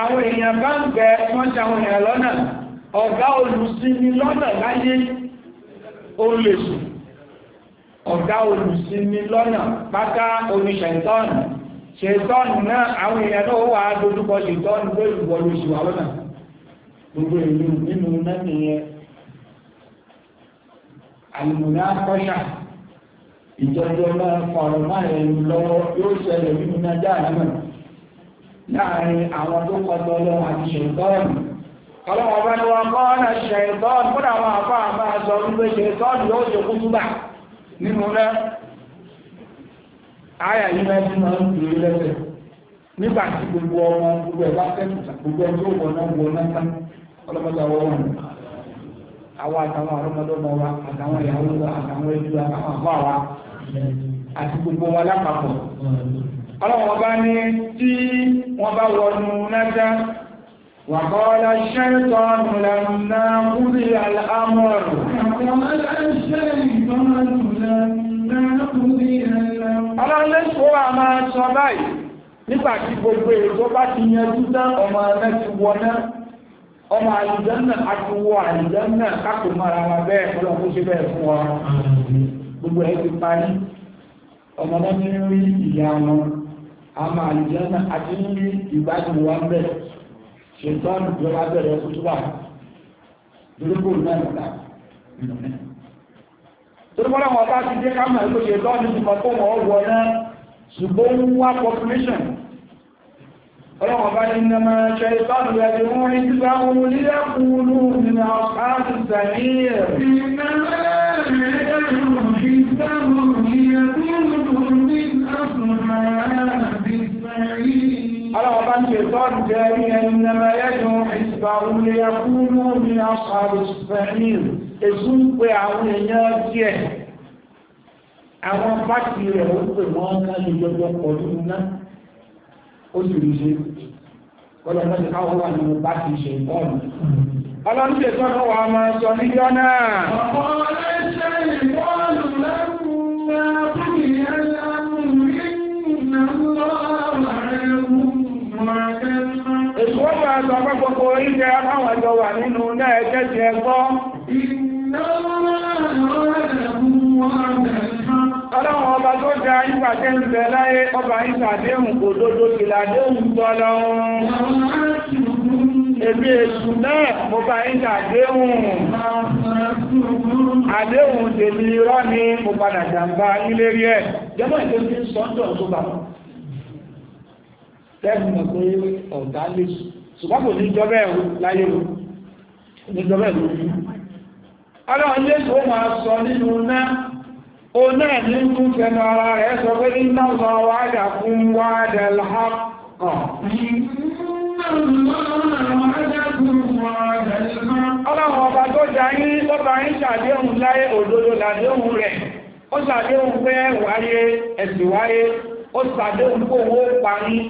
[SPEAKER 1] àwọn èèyàn bá ń bẹ wọ́n ṣe àwọn ọ̀gá olùsíní lọ́nà láyé ó lè sùn ọ̀gá olùsíní lọ́nà pátá omi ṣẹ̀tọ́nù ṣẹ̀tọ́nù náà àwọn èèyàn náà wà á dojúkọ ṣẹ̀tọ́nù pé ìwọ ló ṣùwà lọ́nà gbogbo ìlú nínú náà nìyẹn àlùmọ́nà kọ́ṣà ìjọjọ́ náà fọ̀rọ̀ máa rẹ̀ lọ́wọ́ yóò ṣẹlẹ̀ nínú náà dáa náà láàárín àwọn tó kọjọ lọ́wọ́ àti ṣẹ̀tọ́nù kọlọ́wọ́ bá ní wọn kọ́ọ̀nà ṣẹ̀tọ́n fún àwọn àfá àmà sọ wípé ṣẹ̀tọ́n yóò ṣe kú túbà nínú rẹ̀ ayà yìí náà ti máa ń fi lẹ́sẹ̀ nígbà tí gbogbo ọmọ gbogbo ẹ̀ bá tẹ́sùsà gbogbo ẹ̀ tó wọ̀ náà wọ̀ náà tán ọlọ́mọdé àwọn ọmọ àwọn àti gbogbo wa lápapọ̀ ọlọ́wọ́ bá ní tí wọ́n bá wọnú náà وقال الشيطان لما قضي الأمر وقال الشيطان لما قضي الأمر ألا لسوا ما صبي nígbàtí gbogbo ètò bá ti yanjú tán ọmọ ẹ̀mẹ́ ti wọná ọmọ àlìjánà àtiwọ àlìjánà kápò mara wa bẹ́ẹ̀ ọlọ́pọ̀ sí bẹ́ẹ̀ fún wa gbogbo ẹ̀ ti parí ọmọ náà ní rí ìyá wọn àmà àlìjánà àti ní ìgbádùn wa bẹ́ẹ̀ ṣèǹtọ́nù tó bẹ̀rẹ̀ kútúbà lórúkọ náà nígbà tó mọ́ra ti dé kámà ẹgbẹ́ ṣèǹtọ́nù ti mọ̀ tó wọ́n wọ náà ṣùgbọ́n wá population ọlọ́wọ́n ọlọ́ọ̀bá ti tọ́jú jẹ́ ní ẹni nẹ́mẹ́ yẹ́dùn ìsìnkà òun lè kú mú ní ọ̀sàrò sẹ́yìn èsù ń pe àwọn èèyàn díẹ̀ àwọn pàtì rẹ̀ ó pè wọ́n ká lè jọjọ pọ̀ nínú náà ó sì rí ṣe kọ́lọ̀ mẹ́ta wà máa sọ pé gbogbo wà nínú náà ẹgbọ́ ọba tó ọba èṣù náà mo bá àdéhùn àdéhùn tèmi irọ́ ni mo padà jàmbá nílé rí ẹ̀ jẹ́mọ́ ṣùgbọ́n kò ní jọ bẹ́ẹ̀ láyé lọ ní jọ bẹ́ẹ̀ lọ ọlọ́run yéṣù ó máa sọ nínú náà o náà ní kún fẹnu ara rẹ̀ sọ pé sọ wájà fún wájà láàkàn ọlọ́run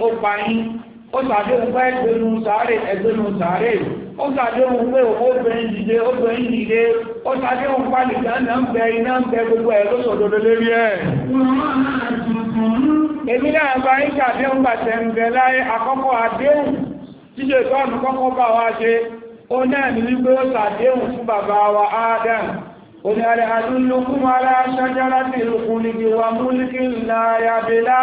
[SPEAKER 1] ọba ó sàdéhùn pé ẹgbẹ́nu sàárè ẹgbẹ́nu sàárè ó sàdéhùn pé obìnrin dìde obìnrin dìde ó sàdéhùn pálí iná ń bẹ iná ń bẹ gbogbo ẹ̀ ló sọ̀dọ̀dọ̀ lérí ẹ̀ èmi náà bá ń sàdéhùn gbàtẹ̀ ń bẹ láyé àkọ́kọ́ àdéhùn tíṣe ìtọ́nù kọ́kọ́ bá wa ṣe ó náà ní wípé ó sàdéhùn fún bàbá wa Adam òní àrẹ àdúlùkún aláṣájára ti rùkún níbi wa múlíkì ńlá yàbẹ̀lá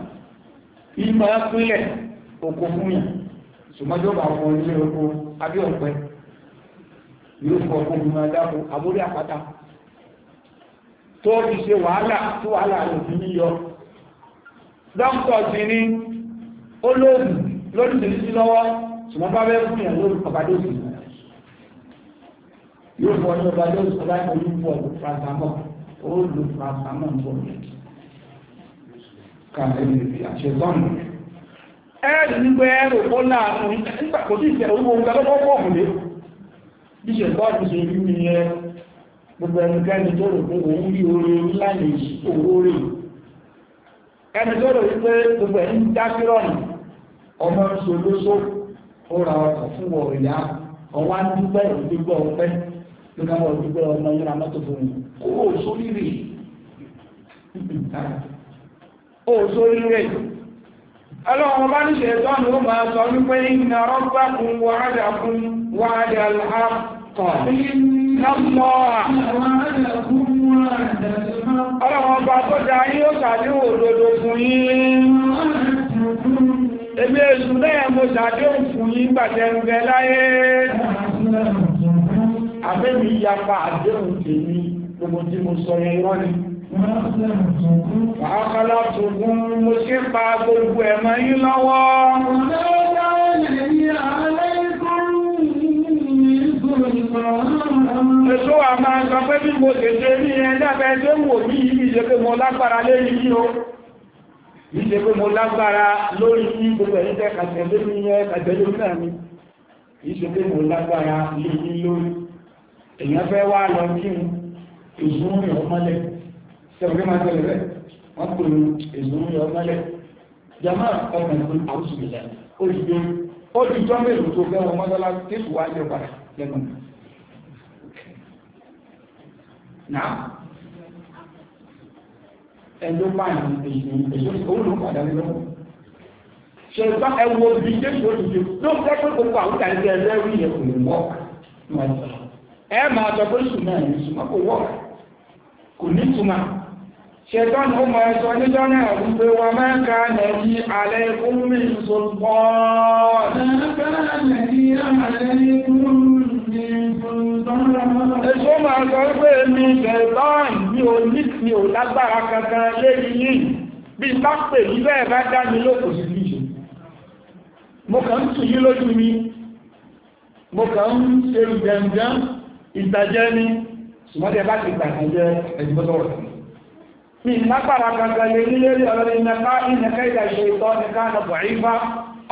[SPEAKER 1] ìmọ̀ pínlẹ̀ oko fún yàn ṣùgbọ́njọ́ bá wọn ní oko abẹ́ ọ̀pẹ yóò fọ ọkọ̀ mi máa dáko àbórí àpáta tó fi ṣe wàhálà tó wàhálà rẹ̀ fi ní yọ dọ́ńtọ̀ sí ní olóògùn lórí ìdílísí lọ́wọ́ ṣùgbọ́n bá bẹ́ẹ̀ fún yàn lórí ọ̀bádé òsì yóò fọ ọjọ́ ọ̀bádé òsì ọ̀bá ìmọ̀ ka àṣẹ́tọ́nù ẹ̀rì nígbẹ́ ẹ̀rù ó láàánú kò sí ìfẹ́ orúkọ oúnjẹ lọ́pọ̀ pọ̀ múlé bí ṣẹ̀tọ́nù ṣe rí ní ẹ gbogbo ẹnikẹ́ni tó rò pé òun rí orí ńlá owó rè ẹni tó rò wípé gbogbo ọmọ ó ra ọkọ̀ fún ìyá ọpẹ́ ló ká ọmọ ó sórí ọlọ́run bá ní ṣètọ́nù ó máa sọ wípé iná rọ́gbà fún wàhádà fún wàhádà àkọ́ lọ́pọ̀ ọlọ́run bá tó dá yín ó sàdé fún yín èmi èsù bẹ́ẹ̀ mo sàdé òfún yín láyé àdéhùn tèmi gbogbo tí mo sọ Àkàlà tògùn mo ṣe pa gbogbo ẹ̀mọ́ yín lọ́wọ́. Èso wà máa ń sọ pé bí mo lè ṣe ní ẹ̀dàbẹ́ tó wò ní ibi ìṣe pé mo lágbára lérí yí o. Ìṣe pé mo lágbára lórí sí gbogbo ẹ̀yìn tẹ́ kàtẹ̀lé mi yẹn kàtẹ̀lé mi náà ni. Ìṣe pé mo lágbára lérí lórí. Èèyàn fẹ́ wá lọ kí n, èso ń rìn ọmọlẹ̀ sẹ́wọ̀n máa tẹ̀lé rẹ̀ wọ́n kò lu èlò ń yọ mọ́lẹ̀ jama ọmọ ìlú àwùjọ ìlẹ̀ olùgbé olùjọ́ mélòó tó fẹ́ wọn mọ́tọ́lá tẹ́sù wá jẹ padà lẹ́nu náà ẹjọ́ báyìí èyí òun ló padà lẹ́nu ṣèlúfà ẹwọ bíi jésù olùjọ ló ń fẹ́ pé gbogbo àwọn ìtàgé ẹlẹ́rìí yẹn kò lè wọ́ ẹ máa sọ pé sùn náà yẹn sùn ṣẹ̀tọ́nù ó máa sọ níjọ́ náà wípé wa máa ká nàbí alẹ́ ìkúnmí ìṣòpọ̀ọ̀nà
[SPEAKER 2] Èso máa sọ wípé
[SPEAKER 1] mi ṣẹ̀tọ́n ní oní ni ò lágbára kankan lérí yìí bí bá pè ní bẹ́ẹ̀ bá dá mi lókò sí bí ṣe. Mo kàn ń tù yí lójú mi, mo kàn ń ṣe ìgbẹ̀ǹgán ìtàjẹ́ ni, ṣùgbọ́n tẹ bá ti gbàgbẹ́ ẹ̀dùgbọ́sọ̀rọ̀ sí mi lágbára gangan lè ní lérí ọ̀rọ̀ ìnàká ìnàká ìdà ìṣe ìtọ́ nìkan nà bọ̀ ìfá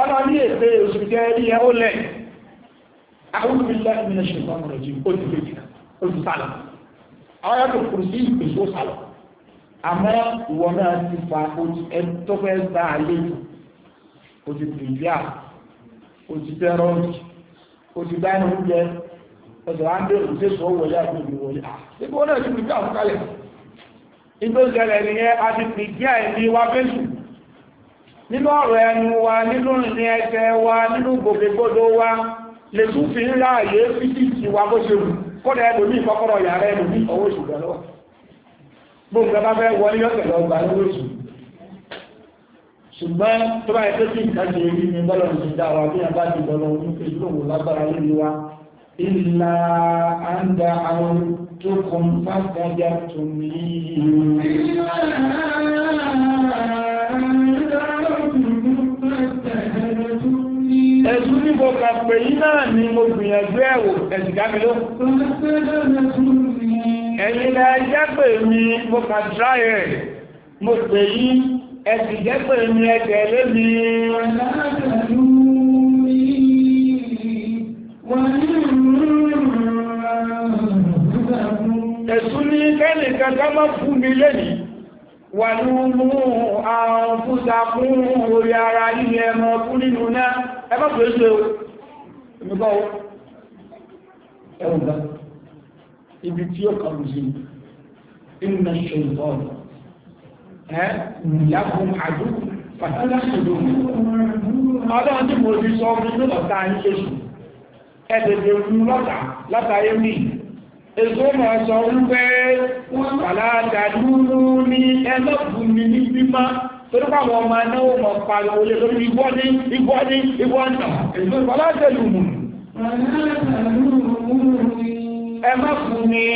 [SPEAKER 1] ọ̀nà ní èdè oṣù jẹ́ rí ẹ ó lẹ̀ àwọn ìlú ìmìnà ṣe ìtọ́ ọ̀rọ̀ jù ó ti lè jìnà ó ti sálọ àwọn yàtọ̀ kùrù sí ìpèsè ó sálọ àmọ́ ìwọ náà ti fa ìgbó zi nìyẹn a ti fi wa fẹ́sù nínú ọ̀rọ̀ ẹnu wa nínú ìrìn ẹsẹ̀ wa nínú gbogbogbòdó wa lè tún fi ń ráàyè fíjì wa bó ṣe wù kódà ẹlòmí ìkọ́kọ́rọ̀ yàrá ẹlòmí ọwọ́ ìṣùgbọ́n كنتم فاستجبتم لي Ẹ̀sùn ní mo kà pè yí náà ni mo gbìyànjú ẹ̀wò ẹ̀sìká mi ló. Ẹ̀yìn la ẹjẹ́ pè mi mo kà dráì ẹ̀, mo pè yí ẹ̀sì jẹ́ pè mi ẹ̀tẹ̀ lé mi. Wọ́n
[SPEAKER 2] ní ẹ̀sùn
[SPEAKER 1] ní kẹ́nìkan ká má fún mi lẹ́nìí wà ní mú àwọn fúnta fún orí ara yìí ẹmọ fún nínú náà ẹmọ́ pé ṣe o ẹmọ́gbọ́ ẹwùgbá ibi tí ó kàrù sí ìrìnà ṣe ìtọ́ọ̀lù ẹ́ ìyàkùn àdúgbò Ọlọ́run tí mo rí sọ ọmọ inú ayé ṣe ṣù, èso mọ̀ sọ wípé wàláàdà lúlú ní ẹlọ́pù mi ní mímá torí ọmọ anáwó mọ̀ pariwo lè lórí igbó ní igbó ní igbó ní èso wàláàdà lúlú ẹ ní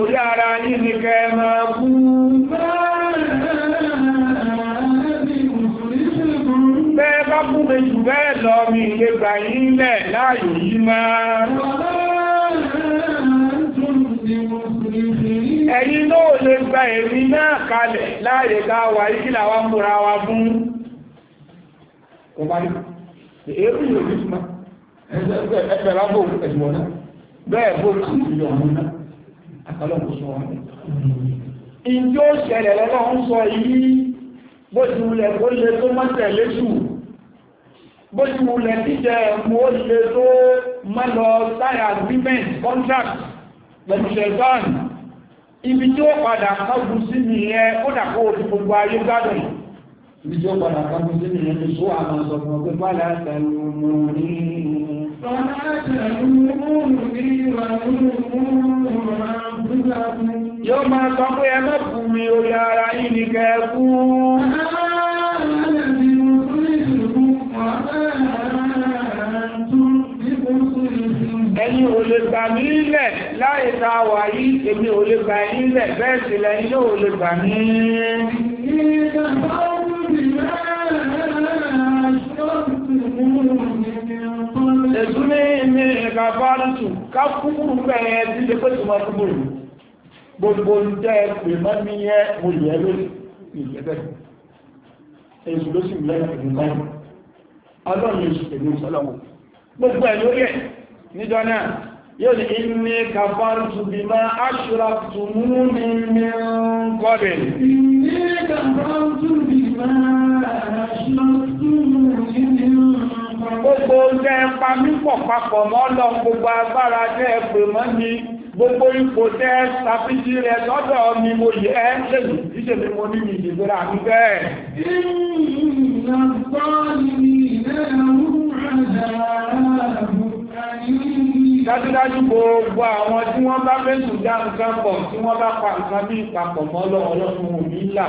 [SPEAKER 1] orí ara yìí ní kẹ́ pé jù bẹ́ẹ̀ lọ mi ilé gbà yín lẹ̀ láàyò yí máa ẹ̀yin náà lè gba èmi náà kalẹ̀ láàyè gáwà ìkìlà wa múra wa fún ọgbárí èébù yóò rí súnmọ́ ẹgbẹ̀ bá bóòkú ẹ̀sùn ọ̀nà bẹ́ẹ̀ bóòkú ìlú ọ̀hún náà àkọlọ́pù sọ wọn ìjọ́ ṣẹlẹ̀ lọ́wọ́ ń sọ yìí bó ti wulẹ̀ kó lè tó mọ́tẹ̀ lẹ́sùn bó ti wulẹ̀ jíjẹ ẹ̀mú ó ṣe tó mẹ́lọ sáyà agreement contract pẹ̀lú ṣẹ̀tọ́n ibi tí ó padà kágun sí ni ẹ ó dàkó òtù gbogbo ayé gbádùn ibi tí ó padà kágun sí ni ẹ ti sọ àwọn ọ̀sọ̀gbọ̀n pé pálá tẹ̀lùmù ní yóò máa sọ pé ẹ mọ́ fún mi orí ara yìí ní kẹ́ẹ̀kú ẹ̀yin ò lè gbà mí lẹ̀ láì ta wà yìí èmi ò lè lẹ̀ bẹ́ẹ̀ sì lẹ́yìn náà ò lè gbà mí. Èsúní mi ìka fárútù ká kúkúrú bẹ́ẹ̀ tí lè pèsè máa kúkúrú. Gbogbo ń jẹ́ pè mọ́ mi yẹ níjọ́ náà yóò ní inni kàfàrùtù bí máa aṣùràtù mú mi mi kọ́bẹ̀ inni
[SPEAKER 2] kàfàrùtù bí máa aṣùràtù mú mi mi gbogbo
[SPEAKER 1] jẹ́ pa mípọ̀ gbogbo ipò tẹ́ sàfíjì rẹ̀ lọ́dọ̀ mi mo yẹ ẹ́ lẹ́yìn ìṣẹ́ mi mo ní mi ìdìbòrà mi bẹ́ẹ̀. ìrìnàgbọ́n ni ìrẹ́rùn dájúdájú gbogbo àwọn tí wọ́n bá fẹ́ sùn já nǹkan pọ̀ tí wọ́n bá pa nǹkan bí ìpapọ̀ mọ́ ọlọ́run òní là.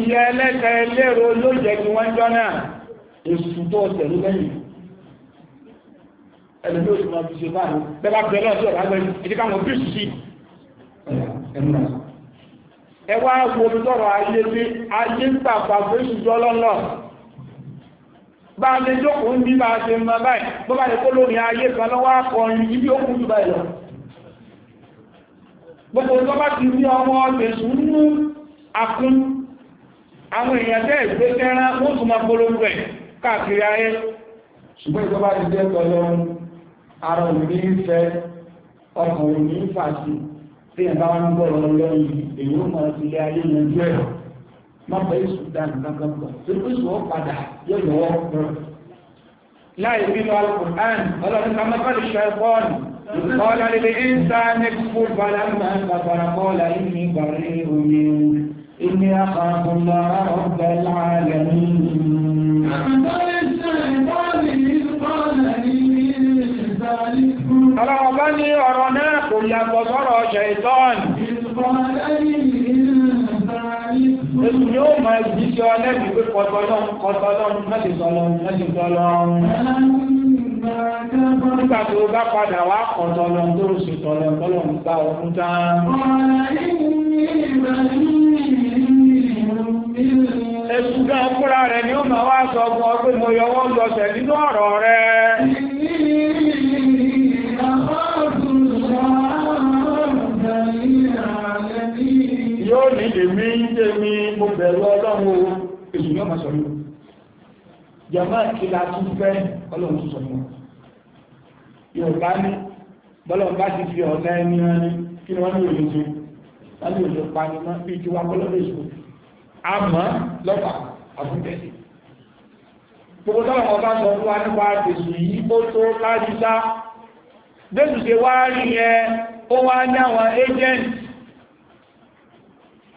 [SPEAKER 1] ìyá ẹlẹ́ka ẹlẹ́ro ló jẹ́ kí wọ́n jọ náà èsù tó ọ̀tẹ̀ ló lẹ́yìn ẹni ló sì máa fi ṣe báyìí bẹ́ẹ̀ bá bẹ̀rẹ̀ ọ̀dọ́ ọ̀dọ́ àgbẹ̀ bí sí ẹ wo tọrọ ayé bí ayé ń tàpá fún ìṣùjọ́ lọ́nà bá a lè jókòó ń bí bá a ṣe mọ báyìí bó bá lè kó lórí ayé kan lọ́wọ́ akọrin ibi ó kú jù báyìí lọ gbogbo tó bá ti ní ọmọ ọ̀tẹ̀sùn nú akún àwọn èèyàn tẹ́ ìgbé kẹran ó tún máa polongo ẹ̀ káàkiri ayé ṣùgbọ́n ìjọba ti jẹ́ tọ́lọ́run ara ò ní fẹ́ ọkàn ní fàṣì tí ẹ̀ bá lọ́yìn èyí ó máa ti lé ayé yanjú ẹ̀rọ má bẹ Sudan gángan bọ̀ pípé ìṣòwò padà yóò yọwọ́ pọ̀. láì bínú alukur'an ọlọ́run ká má bàlẹ̀ ṣe ẹ̀kọ́ọ̀nù قال للإنسان اكفر فلما كفر قال إني بريء منك إني أخاف الله رب العالمين. Ọlọ́run bá ní ọ̀rọ̀ náà kò yàgbọ́ sọ́rọ̀ ṣẹ̀tọ́n. Ìgbọ́n ẹni èyí ni ó máa yí sí ọ lẹ́bi pé kọtọ lọ́run kọtọ lọ́run mẹ́sì sọ lọ́run mẹ́sì sọ lọ́run. nígbà tó bá padà wá kọtọ lọ́run tó sì tọ̀ lọ́run tọ́lọ́run gbá ọdún tán. èsù gan fúnra rẹ̀ ni ó máa wá sọ fún ọ pé mo yọwọ́ lọ sẹ̀ nínú ọ̀rọ̀ rẹ̀. èmi ń dé mi mo bẹ̀rù ọlọ́run o èsù ní ọmọ sọ ní jàmá ìkìlá tún fẹ́ ọlọ́run tún sọ ní yorùbá ní bọ́lọ̀ bá ti fi ọ̀nà ẹni ẹni kí wọ́n ní òye ṣe wọ́n ní òye pa ni wọ́n fi ti wá kọ́lọ́dọ̀ èso àmọ́ lọ́fà àbútẹ́sì gbogbo tọ́lọ̀ ọba sọ fún wa nípa èsù yìí ó tó kárí sá Jésù ṣe wá rí ẹ ó wá ní àwọn agents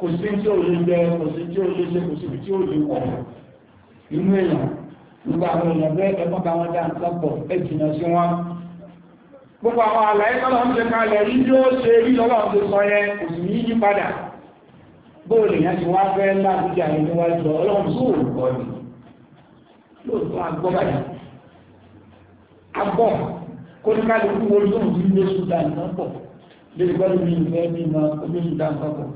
[SPEAKER 1] kò sí tí ó lè jẹ kò sí tí ó lè ṣe kò sí tí ó lè wọ̀ inú èèyàn gbogbo àwọn èèyàn bẹ́ẹ̀ ẹ̀kọ́ bá wọn dá nǹkan pọ̀ ẹ jìnà sí wọn gbogbo àwọn àlàyé tọ́lọ́ ń ṣe kalẹ̀ rí bí ó ṣe rí lọ́wọ́ ń ṣe sọ yẹn kò sì ní yí padà bóòlù yẹn ti wá fẹ́ lábújá yẹn níwájú ọlọ́run tó ò gbọ́ ni lóòótọ́ agbọ́ báyìí agbọ́ kó ní kálukú wo lóòótọ́ ní ilé Sudan náà pọ̀ lórí gbọ́dọ̀ mi ìfẹ́ mi mọ omi Sudan náà pọ̀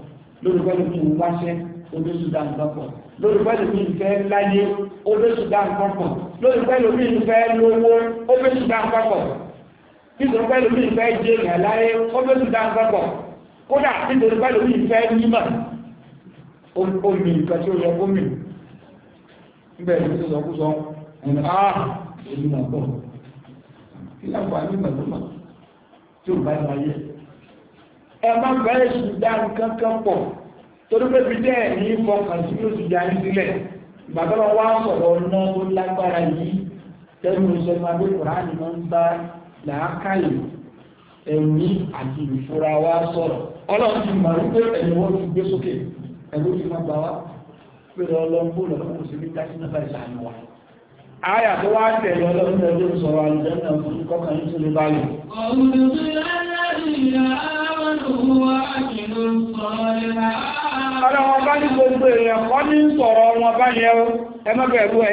[SPEAKER 1] lórí pẹ́lú mi wáṣẹ́ olóṣù dá nǹkan pọ̀ lórí pẹ́lú mi fẹ́ láyé olóṣù dá nǹkan pọ̀ lórí pẹ́lú mi fẹ́ lówó olóṣù dá nǹkan pọ̀ nítorí pẹ́lú mi fẹ́ jẹ́ èèyàn láyé olóṣù dá nǹkan pọ̀ kódà nítorí pẹ́lú mi fẹ́ nímọ̀ omi nǹkan tí ó yẹ gómi níbẹ̀ ní sísọ kú sọ ẹni ah èmi náà pọ̀ kí láǹfà nímọ̀ tó mọ̀ tí ò bá yẹ ẹ má bẹ́ẹ̀ sì dá nǹkan kan pọ̀ torí pé bí dẹ́ẹ̀ ní fọkàn sí ló ti yarí sílẹ̀ ìgbàgbọ́ lọ wá sọ̀rọ̀ ọ̀nà tó lágbára yìí tẹ́nu ìṣẹ́gun abẹ́ kùránì máa ń bá làákàyè ẹ̀mí àti ìfura wa sọ̀rọ̀ ọlọ́run ti mọ̀ wípé ẹ̀yìn wọn ti gbé sókè ẹ̀lú ti máa gbà wá pẹ̀lú ọlọ́run bó lọ́wọ́ kò sí ní dájú náà báyìí láàánú wa àyà tó wá tẹ̀lé ọlọ́run tẹ̀lé sọ̀rọ̀ àlùjẹ́ náà fún kọ́kànlẹ́ tó lè báyìí Ọlọ́wọ́ bá ní gbogbo èèyàn kọ́ ní sọ̀rọ̀ wọn bá yẹ ó, ẹ mọ́bẹ̀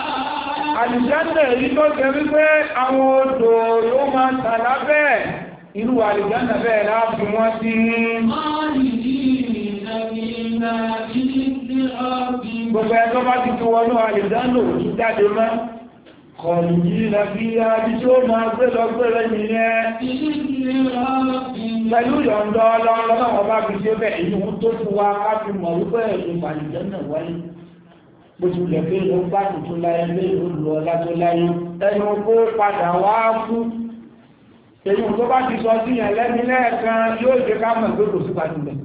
[SPEAKER 1] àlìjánà èyí tó jẹ wípé àwọn odò yóò máa tà lábẹ́ irú àlìjánà bẹ́ẹ̀ láàfin wọ́n sí ní gbogbo ẹjọ́ bá ti tó wọnú àlìjánà òjú jáde mọ́ kọ̀lù yìí na bí i àbí tí ó máa gbé lọ gbé rẹ̀ nìyẹn pẹ̀lú yọ̀ndọ́ ọlọ́run lọ́wọ́ bá fi ṣe bẹ́ẹ̀ ìlú tó fún wa ká fi mọ̀ wípé ẹ̀sùn àlìjánà wáyé gbójúlẹ̀ pé ló ń bá tuntun láyé lé ìlú ọlá tó láyé ẹnu kó padà wá fún èyí tó bá ti sọ sí yẹn lẹ́ni lẹ́ẹ̀kan yóò jẹ́ ká mọ̀ pé kò sí pàdé mẹ́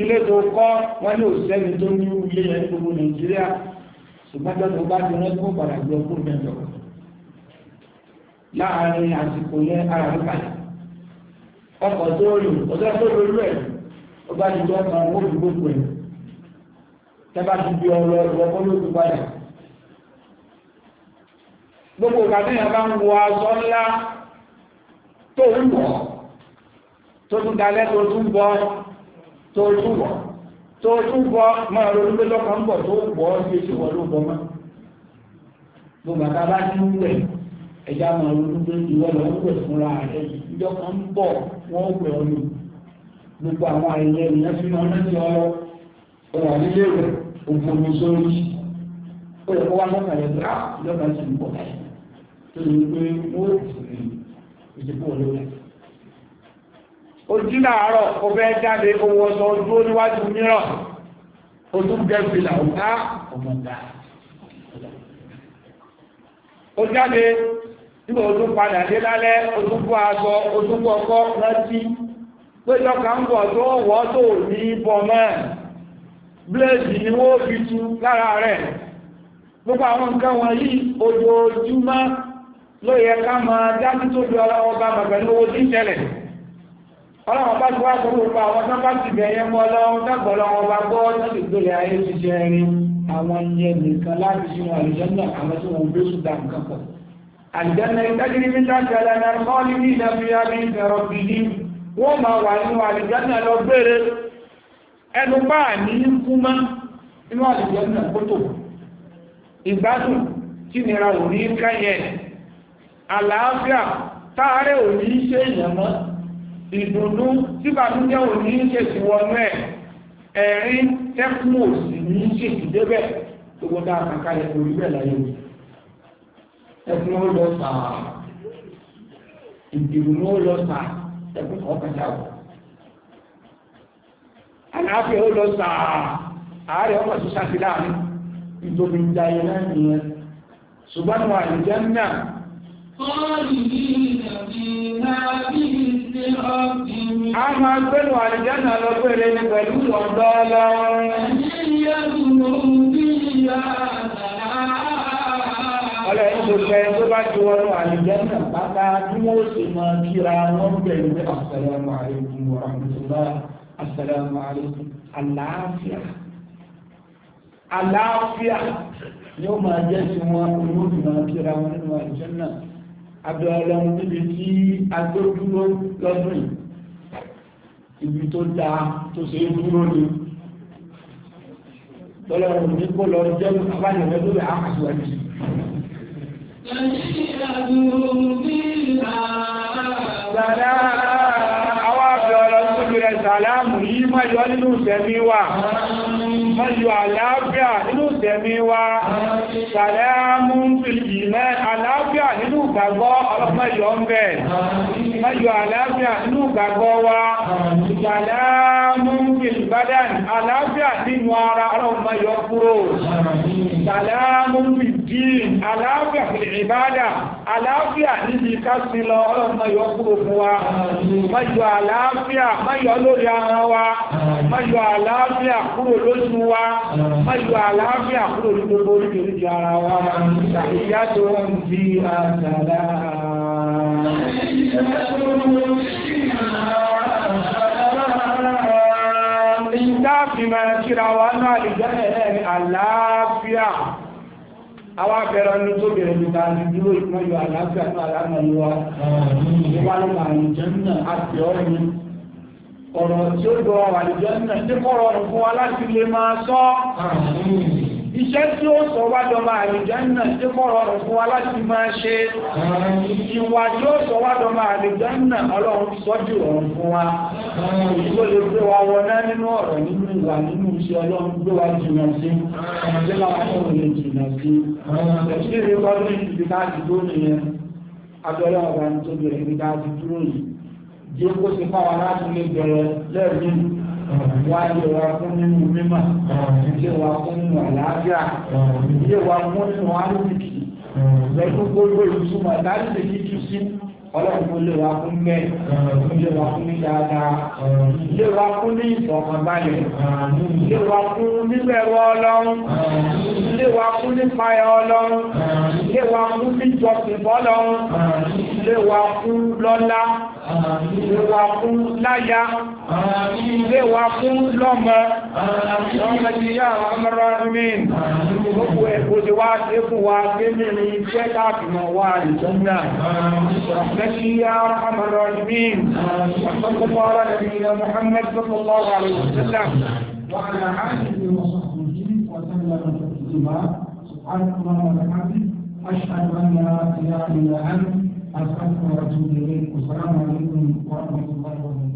[SPEAKER 1] ilé tó kọ́ wọ́n ní òṣìṣẹ́ni tó ní ilé yẹn ní gbogbo nàìjíríà ṣùgbọ́n tó bá ti rán tó padà gbé ọkùn mẹ́jọ láàárín àsìkò yẹn ara ń padà ọkọ̀ tó rìn ọjọ́ tó lórí ẹ̀ ó bá ti jọ́ fi gbogbo ẹ̀ tẹ́bá ti bí ọlọ ìwọ̀kọ́ ló ti padà gbogbo ìgbàdíyàn bá ń wọ aṣọ ńlá tó ń wọ̀ tó tún dalẹ́ tó tún bọ́ tó tún wọ̀ tó tún bọ́ máa ronú pé lọ́kàn ń bọ̀ tó wọ̀ ọ́ sí ìṣòwò ló bọ́ mọ́ gbogbo àti abá ti ń wẹ̀ ẹ̀já máa ronú pé ìwọ lọ ń fúnra rẹ̀ ìjọ kan ń bọ̀ wọ́n wẹ̀ ọ́ gbogbo àwọn àìyẹ ìyẹn fi máa ń rántí ọ ọ̀rọ̀ nílé rẹ̀ ogun omi sórí ó yẹ kó wá lọ́kàn yẹn gbá lọ́kàn sì ń bọ̀ tó lè pé wọ́n ti rí ìdìbò lórí. ojú làárọ̀ ó fẹ́ jáde owó ọsọ dúró níwájú mìíràn ojú gẹ̀ẹ́sì làwọn ká ọmọ dáa. ó jáde nígbà ojú padà dé lálẹ́ ojú bọ́ aṣọ ojú bọ́ ọkọ́ rántí pé lọ́kàn ń bọ̀ tó wọ́ tó ní bọ́ mẹ́rin bléèdì ni wọ́n fi tú lára rẹ̀ gbogbo àwọn nǹkan wọ̀nyí ojoojúmọ́ ló yẹ ká máa dájú tó bí ọlọ́wọ́ bá bàbẹ̀ lówó tí tẹ́lẹ̀
[SPEAKER 2] ọlọ́wọ́ bá ti wá gbogbo pa àwọn tán bá ti bẹ̀yẹ mọ́ ọlọ́wọ́ dágbọ́ ọlọ́wọ́ bá gbọ́ láti
[SPEAKER 1] gbólẹ̀ ayé ti jẹ rin àwọn iye nìkan láti sínú àlùjànnà àwọn tí wọ́n gbé sùdà nǹkan pọ̀ àlùjànnà ìtẹ́jìrì mi láti ẹlẹ́nà kọ́ọ̀lì ní ìdàbíyá ní ìfẹ̀rọ̀ bìdí wọ́n máa wà nínú àlùjànnà lọ bẹ̀rẹ̀ ẹnu bá ní kúmá inú àlejò ẹ̀nà kótó ìgbádùn tí nira ò ní káyẹ̀ àlàáfíà táàrẹ ò ní ṣe ìyàmọ́ ìdùnnú tí bàbújẹ́ ò ní ṣe ìwọ̀nú ẹ̀ ẹ̀rín tẹ́kùnù ò sì ní ṣe ìdébẹ̀ gbogbo dáa kankalẹ̀ lórí bẹ̀ láyé ẹkùn ó lọ sàá ìdìbò ó lọ sàá ẹkùn ọkàn jáwọ́ àlàáfíà ó lọ sàá ààrẹ ọmọ tó sáfi láàrin ìtòmí ìdáyé náà nìyẹn ṣùgbọ́n wà ní jẹ́mìnà a máa gbẹ́nu àlìjánà lọ pẹ̀lẹ̀ ní pẹ̀lú ọ̀dọ́ ọlọ́run ọlẹ́ ìṣòfẹ́ tó bá ti wọ́n àlìjánà pátá tí wọ́n sì máa kíra wọ́n pẹ̀lú àṣẹ́lẹ̀ àmàrí ìgbìmọ̀ assalamu alaikum àlàáfíà àlàáfíà ni ó máa jẹ́ sí wọn olóògùn máa kíra wọn nínú àìjẹ́ náà abẹ́ọ̀lọ́ níbi tí agbójúró lọ́dún ibi tó dáa tó ṣe é dúró ni tọ́lọ́rùn ní kó lọ jẹ́ abáyẹ̀wẹ́ lórí àkàṣíwájú
[SPEAKER 2] Thank you
[SPEAKER 1] sàlámù yìí má yọ nínú ìṣẹ́mí wà mọ́yọ àlàáfíà nínú tẹ̀mí wa sàlẹ́mú fìlì mẹ́ àlàáfíà nínú gbàgbọ́ ọlọ́mọ́yọ ń bẹ̀ mọ́yọ àlàáfíà nínú gbàgbọ́ wa sàlẹ́mú fìlì bádàn àlàáfíà nínú ara ọlọ́mọ́yọ kúrò sàlẹ́mú fìdí àlàáfíà fìlì ìbádà àlàáfíà níbi kásí lọ ọlọ́mọ́yọ kúrò fún wa ayọ̀ àlàáfíà kúrò ní gbogbo oríkèríkè ara wa ìyá tó ń di àtàlà ìdáàfimẹ̀ kíra wa náà ìjẹ́rẹ̀ àlàáfíà àwọn abẹ́rẹ́ ní tó bẹ̀rẹ̀ nípa ìdúró ìpínlẹ̀ àlàáfíà náà aláàmọ̀ yíwa ìwà lọ́pàá ọ̀rọ̀ tí ó gbọ́ àlùjọ náà ní fún wa láti lè máa sọ iṣẹ́ tí ó sọ wá dọba àlùjọ náà fún wa láti máa ṣe ìwà tí ó sọ wá dọba àlùjọ náà ọlọ́run sọ́jú fún wa lè gbé wa wọná nínú ọ̀rọ̀ nínú ìwà nínú iṣẹ́ ọlọ́run gbé wa jìnà sí lè jìnà sí jẹ́ kó ti fáwa láti lè bẹ̀rẹ̀ lẹ́ẹ̀mí wá yẹ wa fún nínú mímọ̀ yẹ wa fún nínú àlàáfíà yẹ wa fún nínú àlùbìkì lọ́dún gbogbo ìtumọ̀ láti lè kíkú sí ọlọ́run lè wá fún mẹ́ lè wá fún ní dáadáa lè wá fún ní ìfọ̀kànbalẹ̀ lè wá fún níbẹ̀rù ọlọ́run lè wá fún nípayà ọlọ́run lè wá fún níjọsìn bọ́lọ́run lè wá fún lọ́lá Ilé wa fún láyá, ilé wa fún lọ́mọ, lọ́mọ ti yá àmọ́ra rìn, gbogbo ẹ̀kọ́ ti wá ṣe fún wa pé mìírin iṣẹ́ láàbìmọ̀ wa ìjọ́nà. Lẹ́sí yá àmọ́ra rìn, ọ̀sọ́gbọ́n ara rẹ̀ ni Muhammad sallallahu alaihi wasallam. وعلى آله وصحبه وسلم تسليما سبحانك
[SPEAKER 2] اللهم وبحمدك أشهد أن لا إله إلا أنت أستغفر وأتوب إليكم والسلام عليكم ورحمة الله وبركاته